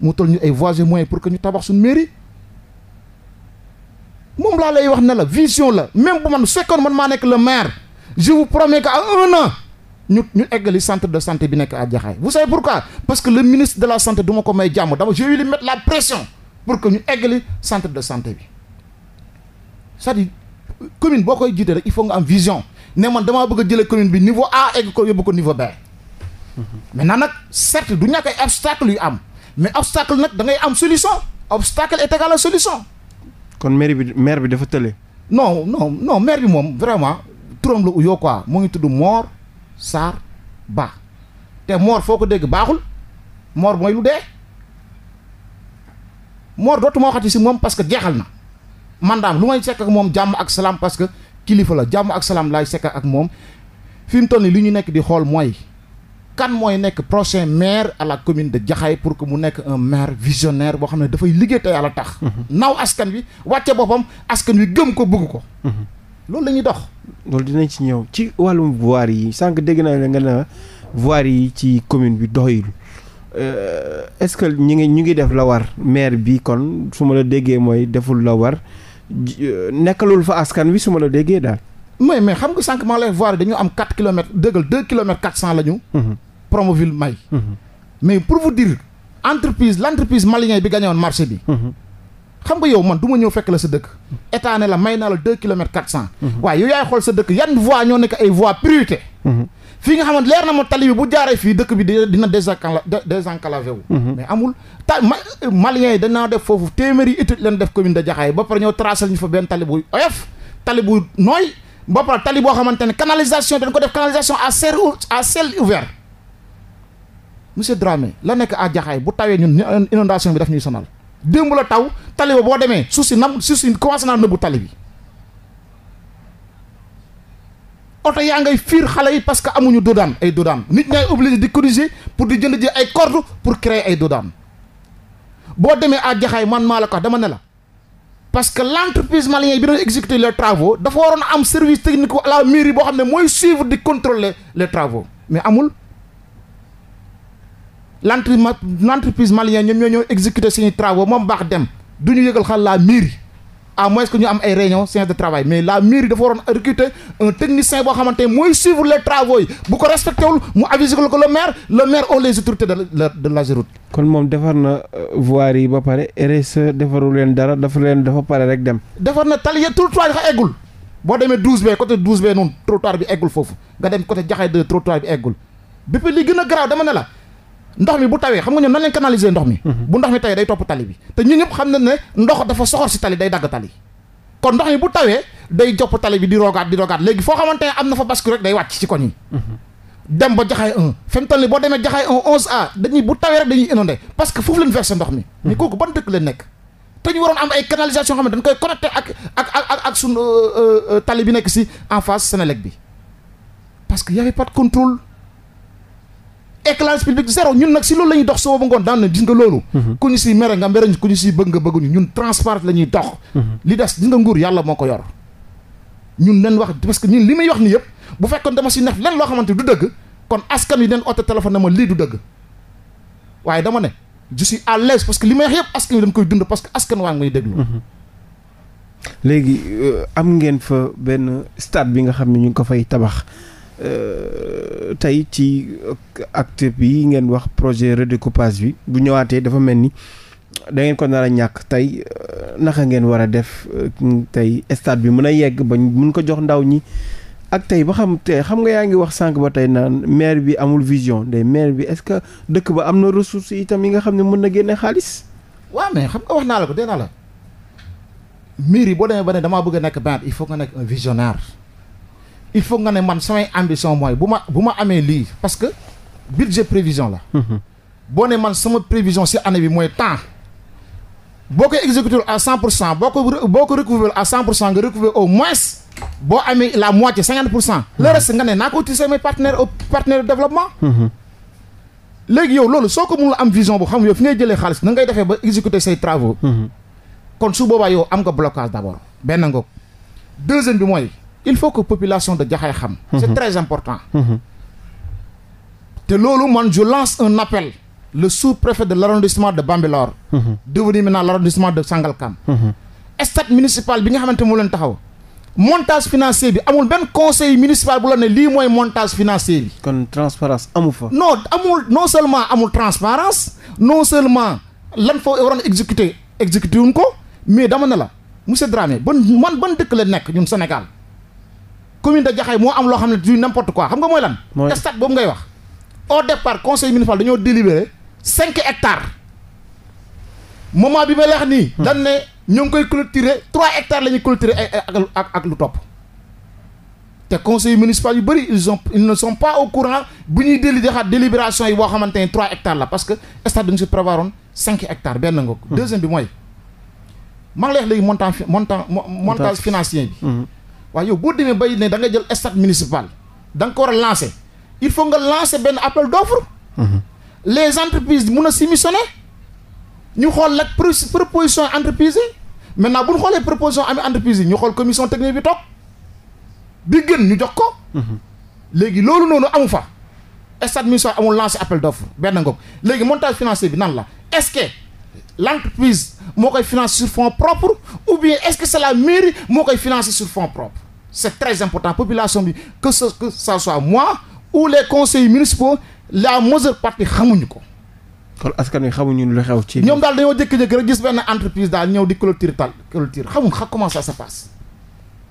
mu toll ñu ay voies et pour que ñu tabax suñu mairie moom laa lay wax ne la vision la même bu man fekkoon man maa nekk le maire je vous promets que à un an ñu ñu eggali centre de santé bi nekk a Jaxaay vous savez pourquoi parce que le ministre de la santé du ma ko may jàmm dama je vais lui mettre la pression pour que ñu eggali centre de santé bi cest à commune boo koy jiite rek il faut nga am vision ne man damaa bëgg a jëlee commune bi niveau A egg ko yóbbu ko niveau B. maintenant nag certes du ñàkk ay obstacle yu am mais obstacle nag da ngay am solution obstacle est égal à solution. kon maire bi maire bi dafa tële. non non non bi moom vraiment turam la uyoo quoi mu ngi tudd Mor. Sarr Ba te moor foo ko dégg baaxul moor mooy lu dee moor dootuma waxati si moom parce que jeexal na mandaam lu may sekk ak moom jàmm ak salaam parce que kilifa la jàmm ak salaam laay sekk ak moom fi mu toll nii li ñu nekk di xool mooy kan mooy nekk prochain maire à la commune de Jaxaay pour que mu nekk un maire visionnaire boo xam ne dafay liggéey te yàlla tax. Mhm. naw askan wi wàcce boppam askan wi gëm ko bugg ko. Mhm. loolu la ñuy dox. loolu dinañ ci ñëw ci wàllum voirie yi sànq dégg naa la nga ne voirie yi ci commune bi doxul euh, est-ce que ñu ngi ñu ngi def la war maire bi kon su ma la déggee mooy deful la war euh, nekkalul fa askan wi su ma la déggee daal. mais mais xam nga sànq maa lay voirie dañu am 4 kilomètres dëggal 2 kilomètres 400 la ñu. Mhm. Promoville may. Mhm. mais pour entreprise l' entreprise bi gagné woon marché bi. Mhm. xam nga yow man du ma ñëw fekk la sa dëkk état ne la may naa la deux kilomètres quatre cent waaye yow yaay xool sa dëkk yan voie ñoo nekk ay voie priorité fii nga xamante leer na ma tali bi bu jaaree fii dëkk bi dina désenclavé wu mhm. mais amul ta maliens yi danaa def foofu téeméeri étude leen def commune de Jaxaay ba pare ñoo tracé ñu fa benn tali bu oyof tali bu nooy ba pare tali boo xamante ne canalisation dañ ko def canalisation à ciel à ciel ouvert monsieur la nekk à Jaxaay bu tawee ñun inondation bi daf ñuy sonal démb la taw tali boo demee suuf si nam suuf si commencé naa nëbbu tali oto yaa ngay fiir xale yi parce que amuñu doodaan ay doodaan nit ñaay obligé di corriger pour di jënd ji ay corde pour créer ay doodaan boo demee à jaxaay man maa la ko dama ne la parce que l'entreprise malien bi doon exécuter les travaux dafa waroon am service technique à la mairie boo xam ne mooy suivre di contrôler les travaux mais amul l'entreprise malien ñoom ñoo ñoo exécuter suñuy travaux moom baax dem du ñu yëgal xal la mairie à moins que ñu am ay réunion séance de travail mais la mairie dafa waroon recruter un technicien boo xamante mooy suivre les travaux yi bu ko respecté wul mu aviser ko le maire le maire ou les autorités de de l'AGEROUTE kon moom defar na euh, voirie yi ba pare RSE defaru leen dara dafa leen dafa pare rek dem. defar na tali trottoir yi xa eggul boo demee 12B côté 12B noonu trottoir bi eggul foofu nga dem côté Jaxaay 2 trottoir bi a ndox mi bu tawee xam nga ñoom nan lañ canaliser ndox mi mhm. bu ndox mi tawee day topp tali bi te ñun ñëpp xam ne ndox dafa soxor si tali day dagg tali kon ndox mi bu tawee day jopp tali bi di rogaat di rogaat léegi foo xamante ne am na fa bascule rek day wàcc ci koñ yi mhm. dem ba jaxaay 1 fi mu boo demee jaxaay 1 11 a dañuy bu tawee rek dañuy inondé parce que foofu leen versé ndox mi ko mhm. kooku ban dëkk leen nekk te ñu waroon am ay canalisation xam ne dañ koy connecté ak ak ak ak euh, euh, tali bi nekk si en face Sénélec bi que y avait éclairage public zéro ñun nag si loolu lañuy dox soo ba ngoon daan na gis nga loolu mhm. ku ñu si mere nga mere ñu ku ñu si bëgg nga bëgguñu ñun transparence la dox mhm. li des gis nga nguur yàlla moo ko yor ñun leen wax parce que ñun li may wax ni yëpp bu fekkoon dama si nef leen loo xamante du dëgg kon askan yi den oto téléphone na ma lii du dëgg waaye dama ne je suis à l'aise parce que li may wax yëpp askan yi dañ koy dund parce que askan waa ngi may déglu mhm. léegi euh, am ngeen fa benn stade bi nga xam ne ñu ngi ko fay tabax Euh, tey ci euh, acte bi ngeen wax projet red redécoupage bi bu ñëwaatee dafa mel ni da ngeen ko nar a ñàkk tey euh, naka ngeen war a def tey stade bi mun a yegg ba mun ko jox ndaw ñi ak tey ba xam te xam nga yaa ngi wax sànq ba tey naan maire bi amul vision day maire bi est-ce que dëkk ba am na ressource itam yi nga xam ne mën na génne xaalis. waaw mais xam nga wax naa la ko dee naa la mairie boo demee ba ne damaa bëgg a nekk maire il faut nga nekk un il faut nga ne man samay ambition mooy bu ma bu ma amee lii parce que budget prévision la mhm. boo ne man sama prévision si année bi mooy temps boo ko exécuté à cent pour cent boo ko boo ko recouvrir à cent pour cent nga recouvrir au moins boo amee la moitié cinquante pour cent le mhm. reste nga ne naa ko utiliser mes partenaires au développement mhm. léegi yow loolu soo ko mun la am vision bu xam yow fi ngay jëlee xaalis na ngay defee ba exécuter say travaux kon su boobaa yow am ga blocage d' abord benn ngoog deuxième bi il faut que population de Jaxaay xam mhm. c'est important mhm. te loolu man je lance le sous-préfet de l'arrondissement de Bambilor mhm. devenu maintenant l'arrondissement de Sangalkam stade municipal bi nga xamante moo leen taxaw montage financier bi amul benn conseil municipal bu la ne lii mooy montage financier bi kon transparence amu fa non amul non seulement amul transparence non seulement lan fa waroon exécuter exécuté wuñ ko mais dama ne la monsieur Dramé ban man ban dëkk la nekk ñun Sénégal commune de Jaxaay moo am loo xam ne du n'importe quoi xam nga mooy lan. mooy stade boobu ngay wax. au départ conseil municipal dañoo délibéré cinq hectares moment bi ma la wax nii. Hmm. dañ ne ñoo ngi koy clôturer trois hectares la ñuy clôturer ak ak lu topp. te conseil municipal yu bëri ils ont ils ne sont pas au courant bu ñuy déli xaat délibération yi boo xamante ne trois hectares la parce que stade dañu si prévoir woon cinq hectares benn nga. Hmm. bi mooy. maa ngi lay wax léegi montant montant financier bi. Hmm. waa yow boo demee bay ne da nga jël stade municipal da nga ko war a lancer il faut nga lancer benn appel d'offre mhm. les entreprises mun a soumissionner ñu xool nag proposition entreprise yi maintenant bu ñu xoolee proposition am entreprise yi ñu xool commission technique bi toog bi gën ñu jox ko. Mhm. léegi loolu noonu amu fa. stade municipal amul lancé appel d'offre benn ngoog léegi montage financier bi nan la est-ce que l'entreprise moo koy financer sur fonds propres ou bien ce que c'est la mairie moo koy financer sur fonds propres. c'est très important population bi que ce que ça soit moi ou les conseils municipaux la majeure partie xamuñu ko. kon askan wi xamuñu lu xew ci. ñoom daal dañoo jékki-jékki rek gis benn entreprise daal ñëw di clôture tal clôture xamuñ xam comment ça se passe.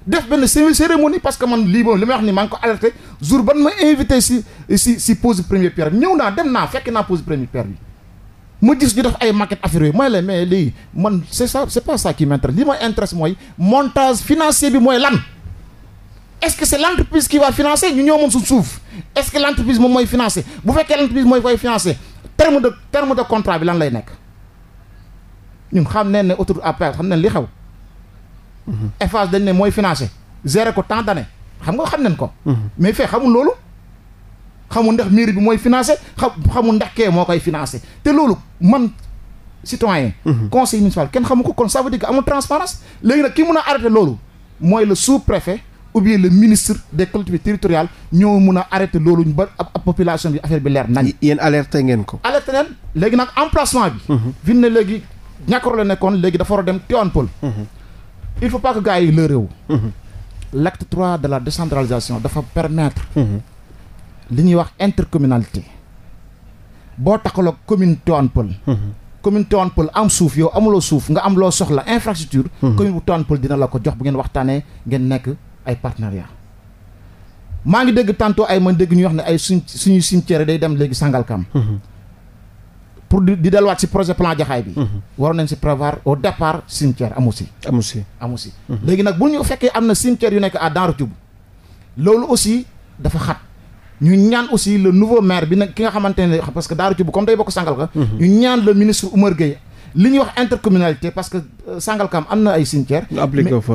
def benn cérémonie parce que man lii moom li may wax nii maa ngi ko alerté jour ban ma invité si si si pose première pierre ñëw naa dem naa fekk naa pose première pierre bi. mu gis ñu def ay maquette affaire yooyu mooy mais léegi man c'est ça c'est pas mooy montage financier bi mooy lan. est-ce que c'est l'entreprise qui va financer ñu ñoo moom suñ suuf est-ce que l'entreprise moom mooy financer bu fekkee l'entreprise mooy koy financer terme de terme de contrat bi lan lay nekk ñun xam ne ne autoroute à xam ne li xew mhm. Eiffage dañ ne mooy financer gérer ko tant d'années xam nga xam nañ ko mhm. mais fee xamul loolu xamul ndax mairie bi mooy financer xamul ndax kee moo koy financer te loolu man citoyen mhm. conseil municipal kenn xamu ko kon ça veut dire que amul transparence léegi nag kii mun a arrêter loolu mooy le sous-préfet ou bien le ministre des collectivités territoriales ñoo mun a arrêté loolu ba ab population bi affaire bi leer nañ. yéen alerté ngeen ko. alerté neen léegi nag emplacement bi. Mhm. fi ne léegi ñàkkaroo la nekkoon léegi dafa war a dem Tivaouane Peulh. Mhm. il faut pas que yi lëreewu. réew mhm. acte trois de la décentralisation dafa permettre. li ñuy wax intercommunalité. boo taxaloo commune Tivaouane Peulh. commune Tivaouane Peulh am suuf yow amuloo suuf nga am loo soxla infrastructure. commune bu Tivaouane Peulh dina la ko jox bu ngeen waxtaanee ngeen nekk. ay partenariat maa ngi dégg tantôt ay man dégg ñuy wax ne ay suñ suñu cimetière day dem léegi Sangalkam mhm. pour di delluwaat si projet plan jaxaay bi mhm. waroon nañ si prévoir au départ cimetière amu si amu si amu si mhm. léegi nag bu ñu fekkee am na cimetière yu nekk à Daara Tioub loolu aussi dafa xat ñu ñaan aussi le nouveau maire bi nag ki nga xamante ne parce que Daara Tioub comme day bokk Sangalkam ñu ñaan le ministre Oumar Gueye li ñu wax intercommunalité parce que euh, Sangalkam am na ay cimetière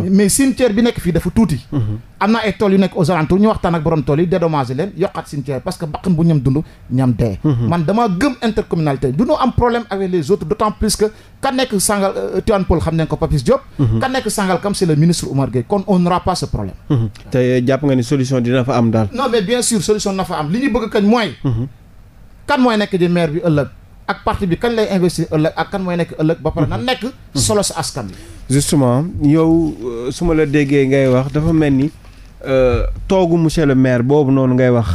mais cimetière bi nekk fii dafa tuuti mhm. am na ay tool yu nekk aux alentours ñu waxtaan ak borom tool yi dédommagé leen yokkaat cimetière parce que bakkan bu ñam dund ñam dee mhm. man dama gëm intercommunalité du am problème avec les autres d' autant plus que ka nekk Sangal euh, euh, Tivaouane Peulh xam nañ ko Papis Diop mhm. ka nekk Sangalkam c' est ministre Oumar Gueye kon on n'aura ce problème te jàpp nga ni solution di maire bi ëllëg ak parti bi kañ lay investir ëllëg ak kan mooy nekk ëllëg ba pare na mhm. nekk mhm. solo sa askan bi justement yow euh, su ma la déggee ngay wax dafa mel ni euh, toogu monsieur le maire boobu noonu ngay wax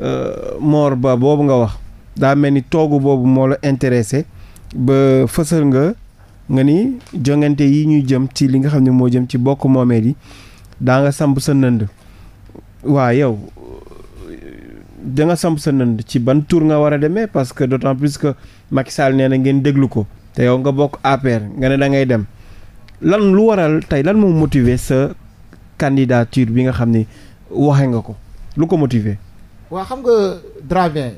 euh, Mor Ba boobu nga wax daa mel ni toogu boobu moo la intéressé ba fësal nga nga ni jongante yi ñuy jëm ci li nga xam ne moo jëm ci bokk moomeel yi daa nga samp sa nënd waa yow da nga samp sa nënd ci ban tour nga war a demee parce que d'autant plus que Macky Sall na ngeen déglu ko te yow nga bokk APR nga ne da ngay dem lan lu waral tey lan moom motiver sa candidature bi nga xam ni waxee nga ko lu ko motiver. waa xam nga Dramien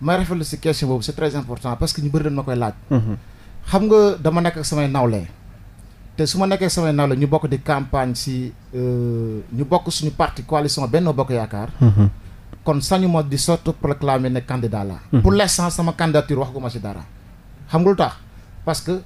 may rafetlu si question boobu c'est très important parce que ñu bëri dañ ma koy laaj. Mhm. xam nga dama nekk ak samay nawle. te su ma nekkee samay nawle ñu bokk di campagne si euh, ñu bokk suñu parti coalition Benno Yaakaar. Mhm. kon sañuma di sorte proclamer ne candidat la mhm. pour l'instant sama candidature wax gu ma ci dara xam nga lu tax parce que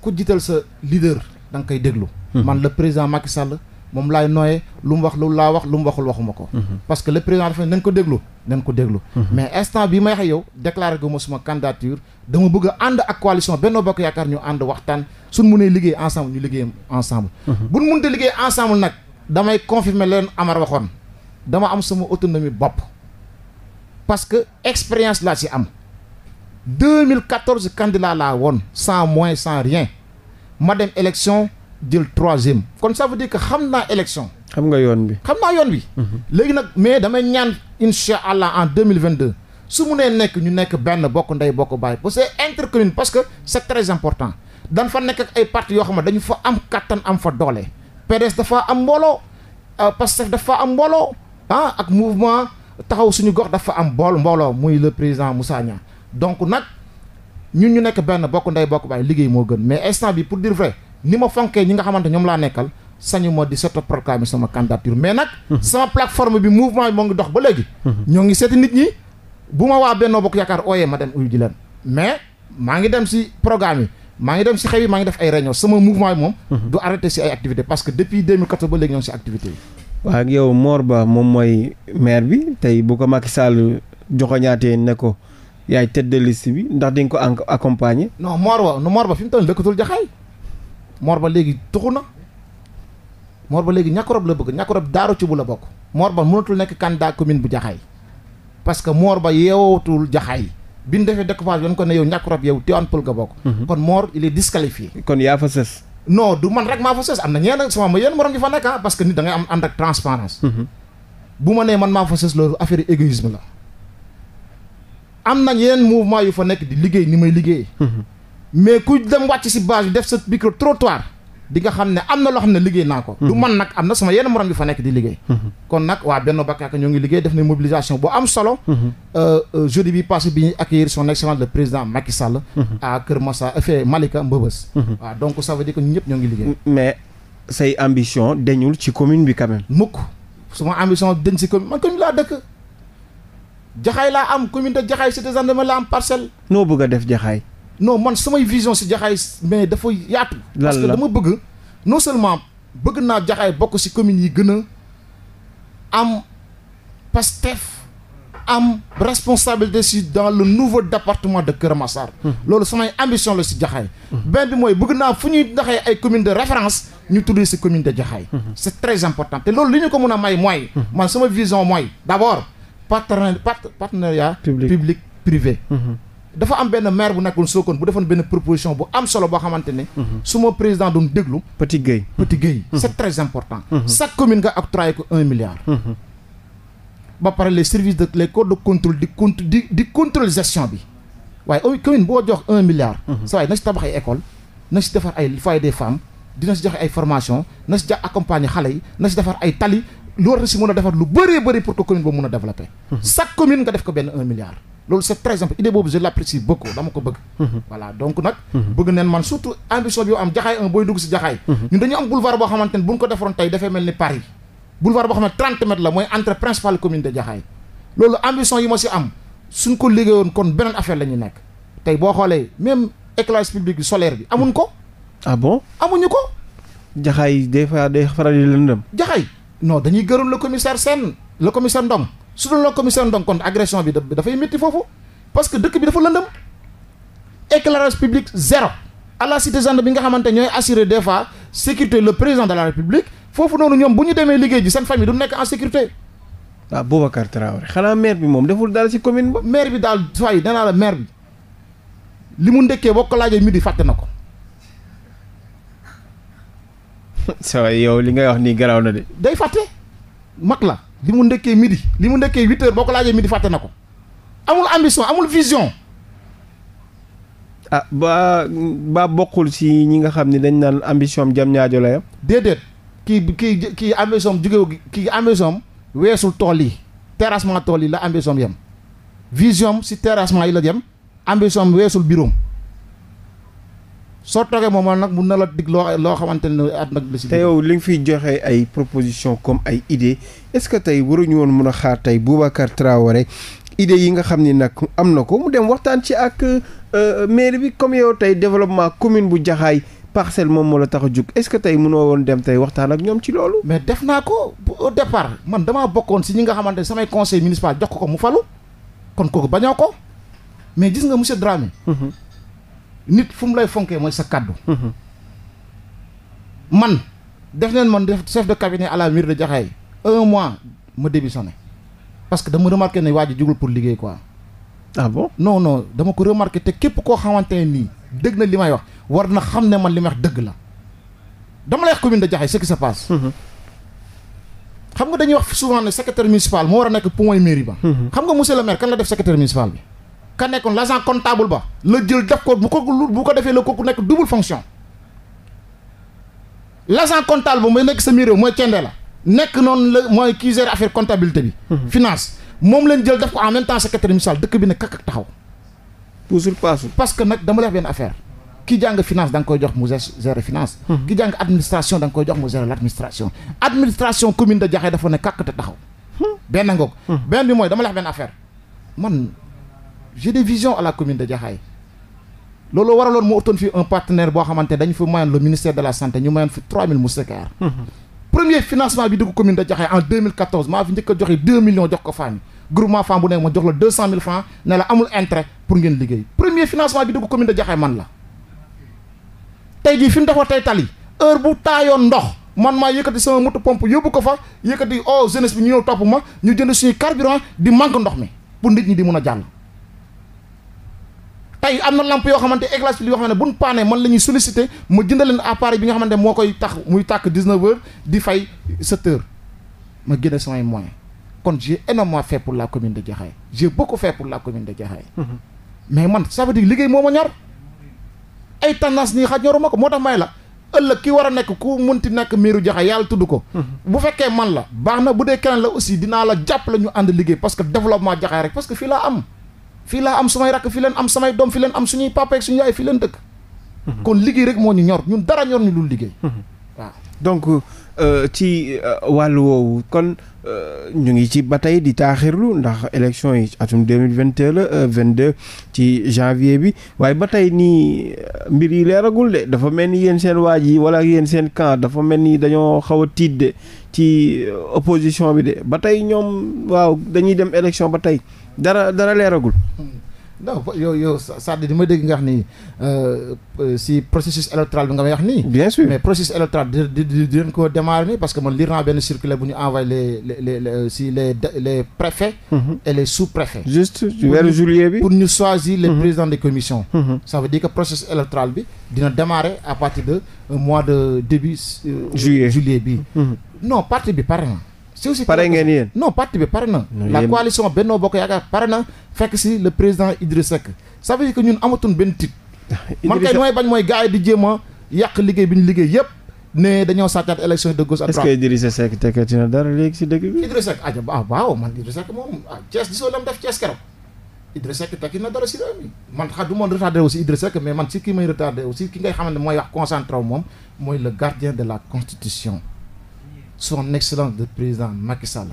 ku jiital sa leader da nga koy déglu mhm. man le président Macky Sall moom laay nooyee lu mu wax lu laa wax lu mu waxul waxuma ko mhm. parce que le président dafa ne nañ ko déglu nañ ko déglu mais instant bi ma wax yow déclaré gu ma suma candidature dama bëgg ànd ak coalition Benno Bokk Yaakaar ñu ànd waxtaan suñ mënee liggéey ensemble ñu liggéey ensemble buñ mënta liggéey ensemble nag damay confirmer leen Amar waxoon dama am sama autonomie bopp parce que expérience laa si am 2014 candidat laa woon sans moyen sans rien ma dem élection jël troisième kon ça veut dire xam naa élection. xam nga yoon bi xam naa yoon bi. Mhm. léegi nag mais damay ñaan incha allah en 2022 su mu nee nekk ñu nekk benn bokk ndey bokk baay parce que intercommune parce que c'est très important dan fa nekk ay parti yoo xam ne dañu fa am kattan am fa doole PDS dafa am mbooloo euh, Pastef dafa am mbooloo. ah ak mouvement taxaw suñu gox dafa am bool mbooloo muy le président Moussa Niang donc nag ñun ñu nekk benn bokk ndey bokk baay liggéey moo gën mais instant bi pour dire vrai ni ma fonkee ñi nga xamante ñoom laa nekkal sañu ma di soto proclamer sama candidature mais nag mhm. sama plateforme bi mouvement bi moo ngi dox ba léegi mhm. ñoo ngi seeti nit ñi bu ma waa Benno Bokk Yaakaar ooyee ma dem uyu leen mais maa ngi dem si programme yi maa ngi dem si xew yi maa ngi def ay réunion sama mouvement bi moom mhm. du arrêté yi waa ak yow moor Ba moom mooy maire bi tey bu ko Macky Sall joxoñaatee ne ko yaay tête de liste bi ndax di ko ko accompagner. non Mor Ba nu Mor Ba fi mu toll dëkkatul jaxaay Mor Ba léegi tuxu na moor Ba léegi ñàkk rob la bëgg ñàkk rob daaru ci bu la bokk. moor Ba mënatul nekk candidat commune bu jaxaay parce que Mor Ba yeewootul jaxaay bi ñu defee découpage yoon ko ne yow ñàkk rob yow Tivaouane Peulh nga bokk. Mhm. kon Mor il est kon yaa fa sës. non du man rek maa fa sës am na ñeneen sama ma yenn morom ji fa nekk ah parce nit da ngay am ànd transparence mhm. bu ma nee man maa fa sës loolu affaire égoïsme la am nañ yeneen mouvement yu fa nekk di liggéey ni may liggéey mhm. mais ku dem wàcc si base bi def sa micro trottoir di nga xam ne am na loo xam ne liggéey naa ko lu mhm. man nag am na sama yenn morom yu fa nekk di liggéey mhm. kon nag waa Benno Bokk ñoo ngi liggéey def na mobilisation bu am solo mhm. euh, euh, jeudi bi passé bi ñuy accueillir son excellence le président Macky Sall à Kër Massa fait Malika Mbëbës waaw donc ça veut dire ñëpp ñoo ngi liggéey mais say ambition dañul ci commune bi quand même mukk sama ambition dañ si commune laa dëkk jaxaay laa am commune de jaxaay cité gendarmerie la am noo bëgg a def jaxaay non man samay vision si jaxaay mais dafa yaatu. parce que dama bëgg non seulement bëgg naa jaxaay bokk si communes yi gën a am Pastef am responsabilité si dans le nouveau département de Kër Massar. loolu samay ambition la si jaxaay. benn bi mooy bëgg naa fu ñuy daxee ay communes de référence ñu tuddee si commune de jaxaay. c' très important te loolu li ñu ko mën a may mooy. man sama vision mooy d' abord partenariat public privé. dafa am benn maire bu nekkoon Sokone bu defoon benn proposition bu am solo boo xamante ne. Mhm. su ma président doon déglu. Petit Guèye Petit Guèye. Mhm. c'est très important. Mhm. chaque commune nga octroyé ko un milliard. ba pare le services de les codes de contrôle di cont di di contrôle gestion bi waaye commune boo jox un milliard. saa na si tabax ay école na si defar ay foyer des femmes dina si joxe ay formation na si ja accompagner xale yi na si defar ay tali loolu na si mën a defar lu bëree bëri pour que commune boobu mën commune nga ko benn un milliard. loolu c'est très simple idée boobu je l'apprécie beaucoup dama ko bëgg mhm. voilà donc nag mhm. bëgg neen man surtout ambition bi yow am jaxaay un booy dugg si jaxaay mhm. ñun dañu am boulevard boo xamante ne bu ñu ko defaroon tey dafay mel ni Paris boulevard boo xam ne trente la mooy entre principale commune de jaxaay loolu ambition yi ma si am suñ ko liggéeyoon kon beneen affaire la nekk tey boo xoolee même éclairage public bi solaire bi amuñ ko ah bon amuñu ko jaxaay des fois day faral di lëndëm jaxaay non dañuy gërëm le commissaire Sène le commissaire Ndong su dul la commissaire donc compte agression bi dafay métti foofu parce que dëkk bi dafa lëndëm éclairage public zéro à la cité bi nga xamante ñooy assurer des fois sécurité le président de la république foofu noonu ñoom bu ñu demee liggéey ji seen famille du nekk en sécurité. waaw ah, Boubacar Traoré xanaa maire bi moom deful dara ci commune ba. maire bi daal saa yi nee la maire bi li mu ndekkee boo ko laajee di fàtte na ko. saa yow li ngay wax nii garaaw na day fàtte mag li mu ndekkee midi li mu ndekkee huit heures boo ko laajee midi fàtte na ko amul ambition amul vision. ah ba ba bokkul ci ñi nga xam ni dañ naan ambition jam ñaajo la yam déedéet kii kii kii ambition jógewu kii ambition weesul tool yi terrassement tool yi la ambition yam vision ci terrassement yi la jëm ambition weesul biroom soo toogee moom nag mun na la dig loo loo xamante ne at nag. te yow li nga fiy joxee ay proposition comme ay idée est-ce que tey waruñu woon mun a xaar tey Boubacar Traoré idée yi nga xam ni nag am na ko mu dem waxtaan ci ak euh, mairie bi comme yow tey développement commune bu Jaxaay parcelle moom moo la tax a jug est-ce que tey mënoo woon dem tey waxtaan ak ñoom ci loolu. mais def naa ko au départ man damaa bokkoon si ñi nga xamante ne samay conseil municipal jox ko mu falu kon kooku bañoo ko mais gis nga monsieur Dramé. Mm-hmm. nit fu mu lay fonkee mooy sa kàddu mhm. man def neen man def chef de cabinet à la mairie de Jaxaay un mois ma démissionné parce que dama remarqué ne waa ji jugul pour liggéey quoi ah bon non non dama ko remarqué te képp koo xamante ne nii dëgg na li may wax war na xam ne man li may wax dëgg la dama lay wax commune de Jaxaay ce qui se passe mhm. xam nga dañuy wax souvent ne secrétaire municipal moo war a nekk point mairie ba mhm. xam nga monsieur le maire kan la def secrétaire bi ka nekkoon l' agent comptable ba la jël def ko bu ko bu ko defee la kooku nekk double fonction l' agent comptable ba mooy nekk sa muré mooy cendee la nekk noonu la mooy kii gère affaire comptabilité bi mhm. finance moom leen jël def ko en même temps secrétaire municipal dëkk bi ne kakak taxaw toujours que nag dama lay wax benn affaire jàng finance da nga koy jox mu gérer finance mhm. ki jàng administration da koy jox mu gérer l' administration administration commune de Jaxaay dafa ne kàkk te taxaw mhm. benn ngoog benn bi mooy dama la benn affaire man j'ai des visions à la commune de Jaxaay loolu waraloon mu utoon fii un partenaire boo xamante dañ fi mayoon le ministère de la santé ñu mayoon fi 3000 moustiquaires. Mm-hmm. premier financement bi dugg commune de Jaxaay en 2014 maa fi njëkk a joxe 2 millions jox ko femmes yi groupement femme bu nekk ma jox la 200000 francs ne amul intérêt pour ngeen liggéey premier financement bi dugg commune de Jaxaay man la. tey jii fi mu taxaw tey tali heure bu taayoon ndox man maa yëkkati sama moto pompe yóbbu ko fa yëkkati oh jeunesse bi ñu ñëw topp ma ñu jënd suñu carburant di manque ndox mi pour nit ñi di mun a jàll. tey am na lamp yoo xamante éclairage yoo xam ne buñ paane man la ñuy sollicité ma jëndaleen appareil bi nga xamante moo koy tax muy tàkk 19 heures di fay 7 heures ma génne samay moyens kon j'ai énormément fait pour commune de Jaxaay j'ai beaucoup fait pour la commune de Jaxaay mm-hmm. mais man ça veut dire liggéey moo ma ñor ay tendance nii xaj ko moo tax may la ëllëg ki war a nekk ku munti nekk miiru jaxa yàlla tudd ko mm-hmm. bu fekkee man la baax na bu dee keneen la aussi dinaa la jàppale ñu ànd liggéey parce que développement jaxaay laa am fii laa am samay rakk fii leen am samay doom fi leen am suñuy papa ak suñu yaay fi leen dëkk kon liggéey rek moo ñu ñor ñun dara ñor ñu dul liggéey mhm. waaw donc euh, ci euh, wàllu woowu kon euh, ñu ngi ci ba tey di taaxirlu ndax élection yi atum deux mille vingt et la vingt deux ci janvier bi waaye ba tey nii mbir yi leeragul de dafa mel ni yéen seen waaj yi wala yéen seen kan dafa mel ni dañoo xaw a tiit de ci opposition bi de ba tey ñoom waaw dañuy dem élection ba tey. dara dara leeragul. non yow yow Sadio di ma dégg nga wax ni euh, si processus électoral bi nga may wax ni bien sûr mais processus électoral di di di leen ko démarrer nii parce que man lire naa benn circulaire bu ñu les les les si les les préfets. Mhm. sous-préfets. juste weeru bi pour ñu choisir les mhm. présidents des commissions. Mhm. ça veut dire que processus électoral bi dina démarrer à partir de mois de début. Euh, juillet juillet bi. no parti bi pare na. c'est aussi pare ngeen yéen non parti bi pare na la coalition Benno Bokk Yaakaar pare na fekk si le président Idrissa Seck ça veut dire que ñun amatuñ benn a yàq liggéey ñu liggéey yëpp ne dañoo sàccaat élection de gauche à droite est-ce que Idrissa Seck tekkati na dara léegi si aussi Idrissa Seck mais man si ki may retardé aussi ki ngay xamante mooy wax concentré moom mooy le gardien de la constitution son excellence de président Macky Sall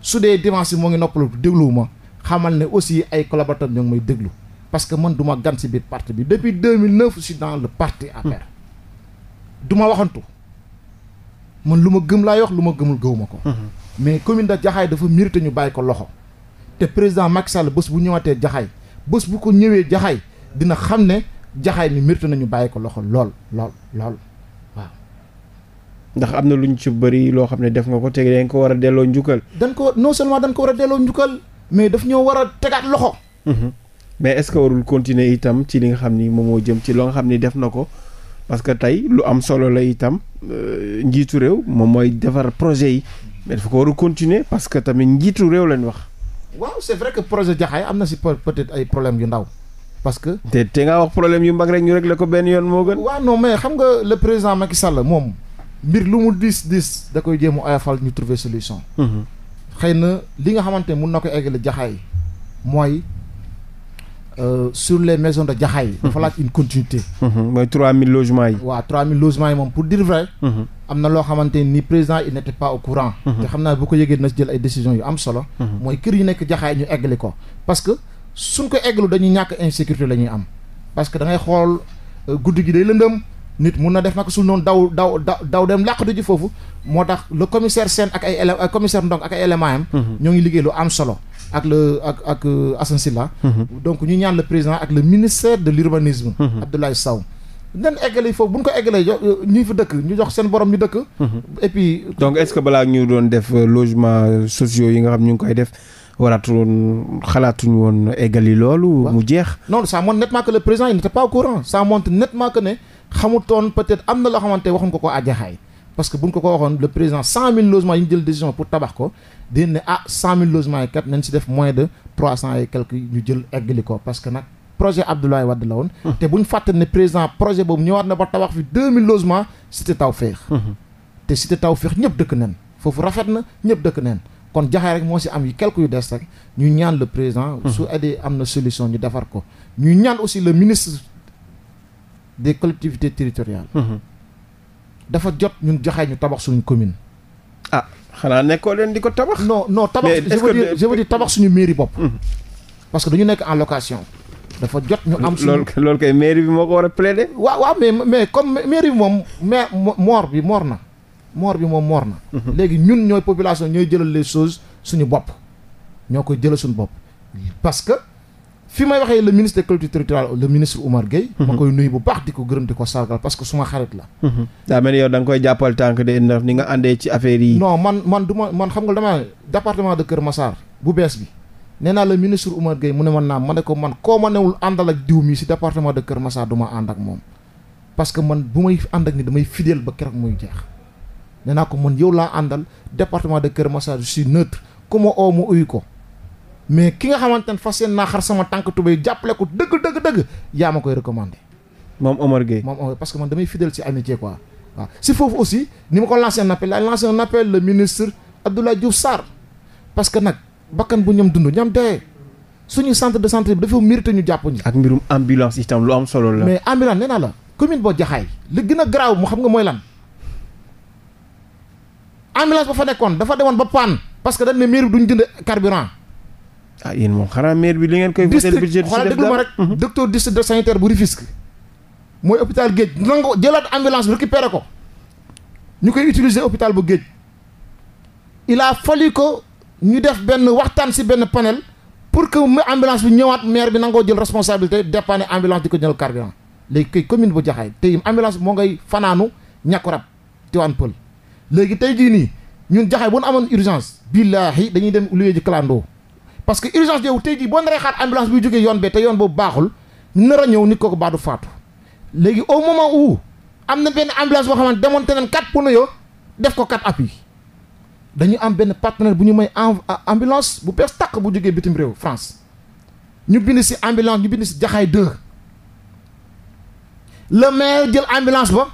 su dee dimanche moo ngi noppalu dégluwuma xamal ne aussi ay collaborateurs ñoo ngi may déglu parce que man du ma gan si biir parti bi depuis 2009 je suis dans le parti APR. du ma waxantu mën lu ma gëm laay wax lu ma gëmul gëwuma ko. Mhm. mais commune de Jaxaay dafa mérité ñu bàyyi ko loxo. te président Macky Sall bés bu ñëwaatee Jaxaay bés bu ko ñëwee Jaxaay dina xam ne Jaxaay mi mérité nañu bàyyi ko loxo lool lool lool. ndax am na lu ñu ci bëri loo xam ne def nga ko te dañ ko war a delloo njukkal. dañ ko non seulement dañ ko war a delloo njukkal mais daf ñoo war a tegaat loxo. Mhm. mais est-ce que warul continuer itam ci li nga xam ni moom moo jëm ci loo nga xam ni def na ko parce que tey lu am solo la itam euh, njiitu réew moom mooy defar projet yi mais dafa ko warul continuer parce que tamit njiitu réew lañ wax. waaw c'est vrai que projet Jaxaay am na si peut-être ay problème yu ndaw. parce que te te ngaa wax problème yu mag rek ñu régler ko benn yoon moo gën. waaw non mais xam nga le président Macky Sall moom mbir lu mu diis diis da koy jéem a oyofal ñu trouver solution. Mhm. xëy na li nga xamante mun na ko eggale jaxaay mooy euh, sur les maisons de jaxaay. dafa mhm. laaj une continuité. Mhm. mooy 3000 logements yi. waaw 3000 logements yi moom pour dire vrai. am na loo xamante ni président il n'était pas au courant. te xam naa bu ko yëgee na jël ay décisions yu am solo. mooy kër yi nekk jaxaay ñu eggali ko parce que suñ ko eggalu dañuy ñàkk insécurité la ñuy am parce que da xool euh, guddi gi day lëndëm. nit mun na def naka su noonu daw daw daw dem làqatu ji foofu moo tax le commissaire Sène ak ay élé commissaire Ndong ak ay élément am mhm. ñoo ngi liggéey lu am solo ak le ak ak euh, Assane mhm. donc ñu ñaan la président ak le ministère de l'urbanisme mhm. Abdoulaye Sow nen eggale foofu bu ñu ko eggalee jox euh, ñi fi dëkk ñu jox seen borom ñu dëkk et puis donc est-ce que balaa ñu doon def euh, logement sociaux yi nga xam ñu ngi koy def waratuloon xalaatuñu woon eggali loolu mu jeex non ça montre nettement que le président il n'était xamutoon peut-être am na loo xamante waxuñ ko ko àjaxaay parce que buñ ko ko waxoon le président cent mille logements yi ñu jël décision pour tabax ko dina ne ah cent yi kat nañ si def moins de trois cent et quelques ñu jël eggali ko parce que nag projet Abdoulaye Wade la woon hmm. te buñ fàtte ne président projet boobu ñëwaat na ba tabax fi deux mille logements cité Tawfekh hmm. te cité Tawfekh ñëpp dëkk neen foofu rafet na ñëpp dëkk neen kon jaxaay rek moo si am yi quelques yu ñu ñaan le président hmm. su am na solution ñu defar ko ñu ñaan aussi le ministre des collectivités territoriales. Mhm. dafa jot ñun joxe ñu tabax suñu commune. ah xanaa nekkoo leen di ko tabax. non non tabax je veux tabax suñu mairie bopp. Mhm. parce que dañu nekk en location. dafa jot ñu am suñu loolu kay mairie bi moo ko war a plaider. waaw waaw mais mais comme mairie bi moom mais moor bi moor na. moor bi moom moor na. Mhm. léegi ñun ñooy population ñooy jëlal les choses suñu bopp. ñoo koy jëlal suñu bopp. parce que. fi may waxee le ministre des collectivités territoriales ministre Oumar Gueye. ma mhm. koy nuyu bu baax di ko gërëm di ko sargal parce que suma xarit la. Mhm. daa mel ni yow da koy jàppal tànk de ndax ni nga àndee ci affaire yi. no man man du ma man xam nga dama département de Kër Massar bu bees bi nee naa le ministre Oumar Gueye mu ne man naa ma ne ko man koo ma newul àndal ak diw mii si département de Kër Massar du ma ànd ak moom. parce que man bu may ànd ak ni damay fidèle ba keroog muy jeex nee naa ko man yow laa àndal département de Kër Massar je suis neutre ku ma ko. mais ki nga xamante ne fas yéen naa xar sama tànk tubéy jàppale ko dëgg dëgg dëgg yaa ma koy recommandé. moom Omar Gueye moom Omar parce que man damay fidèle ci amitié quoi waaw si foofu aussi ni ma ko lancé un appel la lancé un appel ministre Abdoulaye Diouf Sarr parce que nag bakkan bu ñoom dund ñoom dee suñu centre de santé bi dafa mérité ñu jàpp ñu. ak mbirum ambulance itam lu am solo la. mais ambulance nee la commune boo jaxaay li gën garaaw mu xam nga mooy lan. ambulance nekkoon dafa demoon ba panne parce que dañ ne mairie bi duñ jënd carburant. ah yéen moom xanaa maire bi li ngeen koy. voté budget xoolal déglu ma mhm. bu Rufisque. mooy hôpital géej nangu jëlaat ambulance bi récupéré ko. ñu koy utiliser hôpital bu géej. il a ko ñu def benn waxtaan si benn panel pour que mu ambulance bi ñëwaat maire bi nangoo jël responsabilité dépanner ambulance di ko jël carburant léegi kay commune bu jaxaay te ambulance moo ngay fanaanu ñàkku rab Tiwaan Pël léegi tey jii nii ñun jaxaay bu nu amoon urgence billaahi dañuy dem luye ji clando parce que urgence wu tey jii boo naree xaar ambulance buy jógee yoon bee te yoon boobu baaxul nar a ñëw nit kooku baadu faatu léegi au moment où am na benn ambulance boo xamante démonté nañ quatre pneus yo def ko quatre appui dañu am benn partenaire bu ñu may ambulance bu bees tàq bu jógee bitim réew France ñu bind si ambulance ñu bind si jaxaay deux le maire jël ambulance ba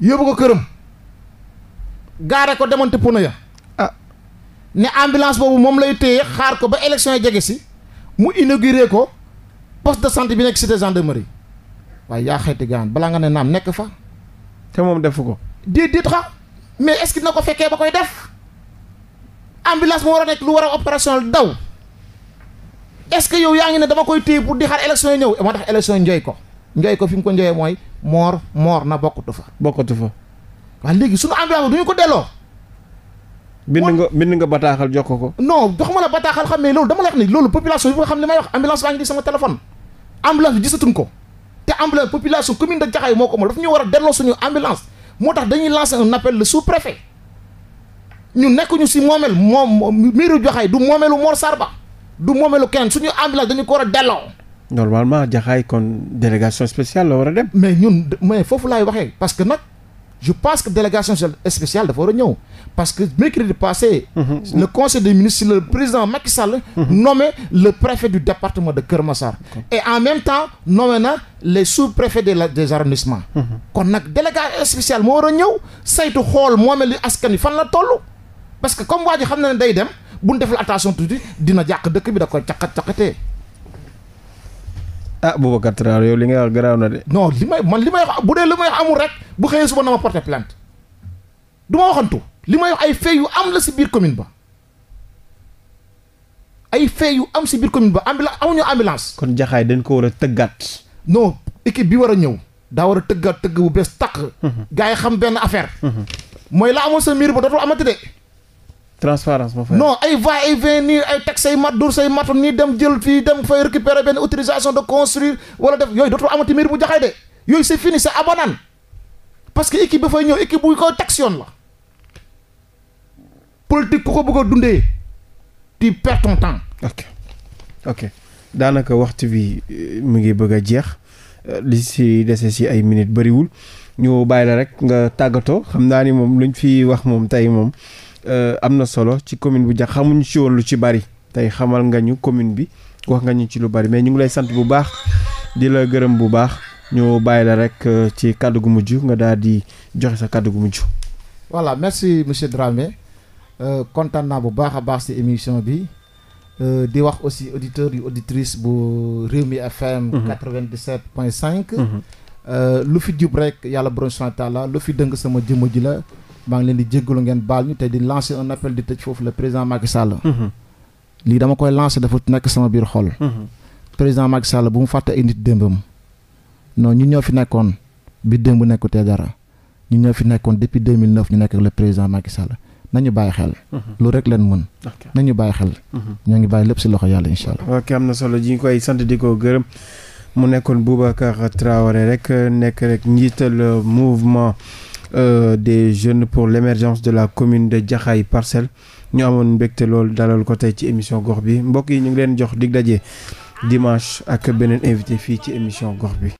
yóbbu ko këram gaare ko démonté pneu ya ne ambulance boobu moom lay téye xaar ko ba élection yi jege si mu inauguré ko poste de sant bi nekk cité gendarmerie waaye yaa xeeti gaan balaa nga ne naam nekk fa. te moom defu ko. déedéet xa mais est-ce que dina ko fekkee ba koy def ambulance moo war a nekk lu war a opérationnel daw est-ce que yow yaa ngi ne dama koy téye pour di xaar élection yi ñëw eh, moo tax élection njoy ko njoy ko fi mu ko njoyee mooy moor moor na bokkatu fa. bokkatu fa waaw léegi bind nga bind nga bataaxal jox ko ko. non doxuma la bataaxal xam ne loolu dama la wax ni loolu population bi nga xam ne may wax ambulance baa ngi sama téléphone. ambulance bi gisatuñ ko te ambulance population commune de Jaxaay moo ko moom dafa ñu war a delloo suñu moo tax dañuy lancer un appel le sous-préfet ñu nekkuñu si moomeel moom miiru Jaxaay du moomeelu Mor Sarba du moomeelu kenn suñu ambulance dañu ko war a delloo. normalement Jaxaay kon délégation spéciale la war a dem. mais ñun mais foofu laay waxee parce que nag. je pense que délégation spéciale dafa war a ñëw parce que mercredi passé. Mmh. le conseil des ministres le président Macky Sall. Mm-hmm. nommé le préfet du département de Kër Massar. Okay. et en même temps nommé na les sous-préfets des des arrondissements. Mm-hmm. kon nag délégation spéciale moo war a ñëw saytu xool moome li askan wi fan la toll. parce que comme waa ji xam na ne dem bu ñu defal attention tuuti dina jàq dëkk bi da koy caqat caqatee. ah Boubacar Traoré yow li ngay wax garaaw na de. non li may man li may wax bu dee li may wax amul rek bu xëyee suba na ma porté plainte du ma waxantu li may ay fait yu am la si biir commune ba ay yu am si biir commune ba ambila amuñu ambulance. kon jaxaay dañ ko war a tëggaat. non équipe bi war a ñëw. daa war a tëggaat tëgg bu bees taq mhm. gars yi xam benn affaire. Mhm. mooy la amoon sa miir ba dootul amati de. transparence moo fay non ay va et venir ay teg say mat dur say matu nii dem jël fii dem fay récupérer benn autorisation de construire wala def yooyu dootul amati miir bu jaxay de yooyu c'est fini c'est abanaan parce que équipe ba fay ñëw équipe bu ko tax yoon la politique ko ko bëgg a dundee di perds ton temps. ok ok daanaka waxtu bi euh, mu ngi bëgg a jeex euh, li si dese si ay minutes bëriwul ñu bàyyi la rek nga tàggatoo xam naa ni moom luñ fi wax moom tey moom. am na solo ci commune bu jax xamuñu ci woon lu ci bari tey xamal nga ñu commune bi wax nga ñu ci lu bari mais ñu ngi lay sant bu baax di la gërëm bu baax ñu bàyyi la rek euh, ci kàddu gu mujj nga daal di joxe sa kàddu gu mujj. voilà merci monsieur Dramé euh, kontaan naa bu baax a baax si émission bi euh, di wax aussi auditeurs yu auditrice bu réew mi FM. 97 point 5. Mhm. lu fi jub rek yàlla borom subhaanahu wa lu fi dëng sama jëmm ji la. maa ngi leen di jéggalu ngeen baal ñu te di lancer un appel di tëj foofu le président Macky Sall. Mhm. lii dama koy lancer dafa nekk sama biir xol. Mhm. président Macky Sall bu mu fàtte ay démbam. non ñu ñoo fi nekkoon bi démb nekkutee dara ñu ñoo fi nekkoon depuis 2009 ñu nekk ak le président Macky Sall nañu bàyyi xel. Mhm. lu rek leen mën. nañu bàyyi xel. ñoo ngi bàyyi lépp si loxo yàlla incha allah. ok am na solo ji ngi koy sant di ko gërëm mu nekkoon Boubacar Traoré rek nekk rek njiital mouvement. Euh, des jeunes pour l'émergence de la commune de Jaxaay parcelle ñu amoon mbégte loolu dalal ko tey ci émission gox bi mbokk yi ñu ngi leen jox dig daje dimanche ak beneen invité fii ci émission gox bi.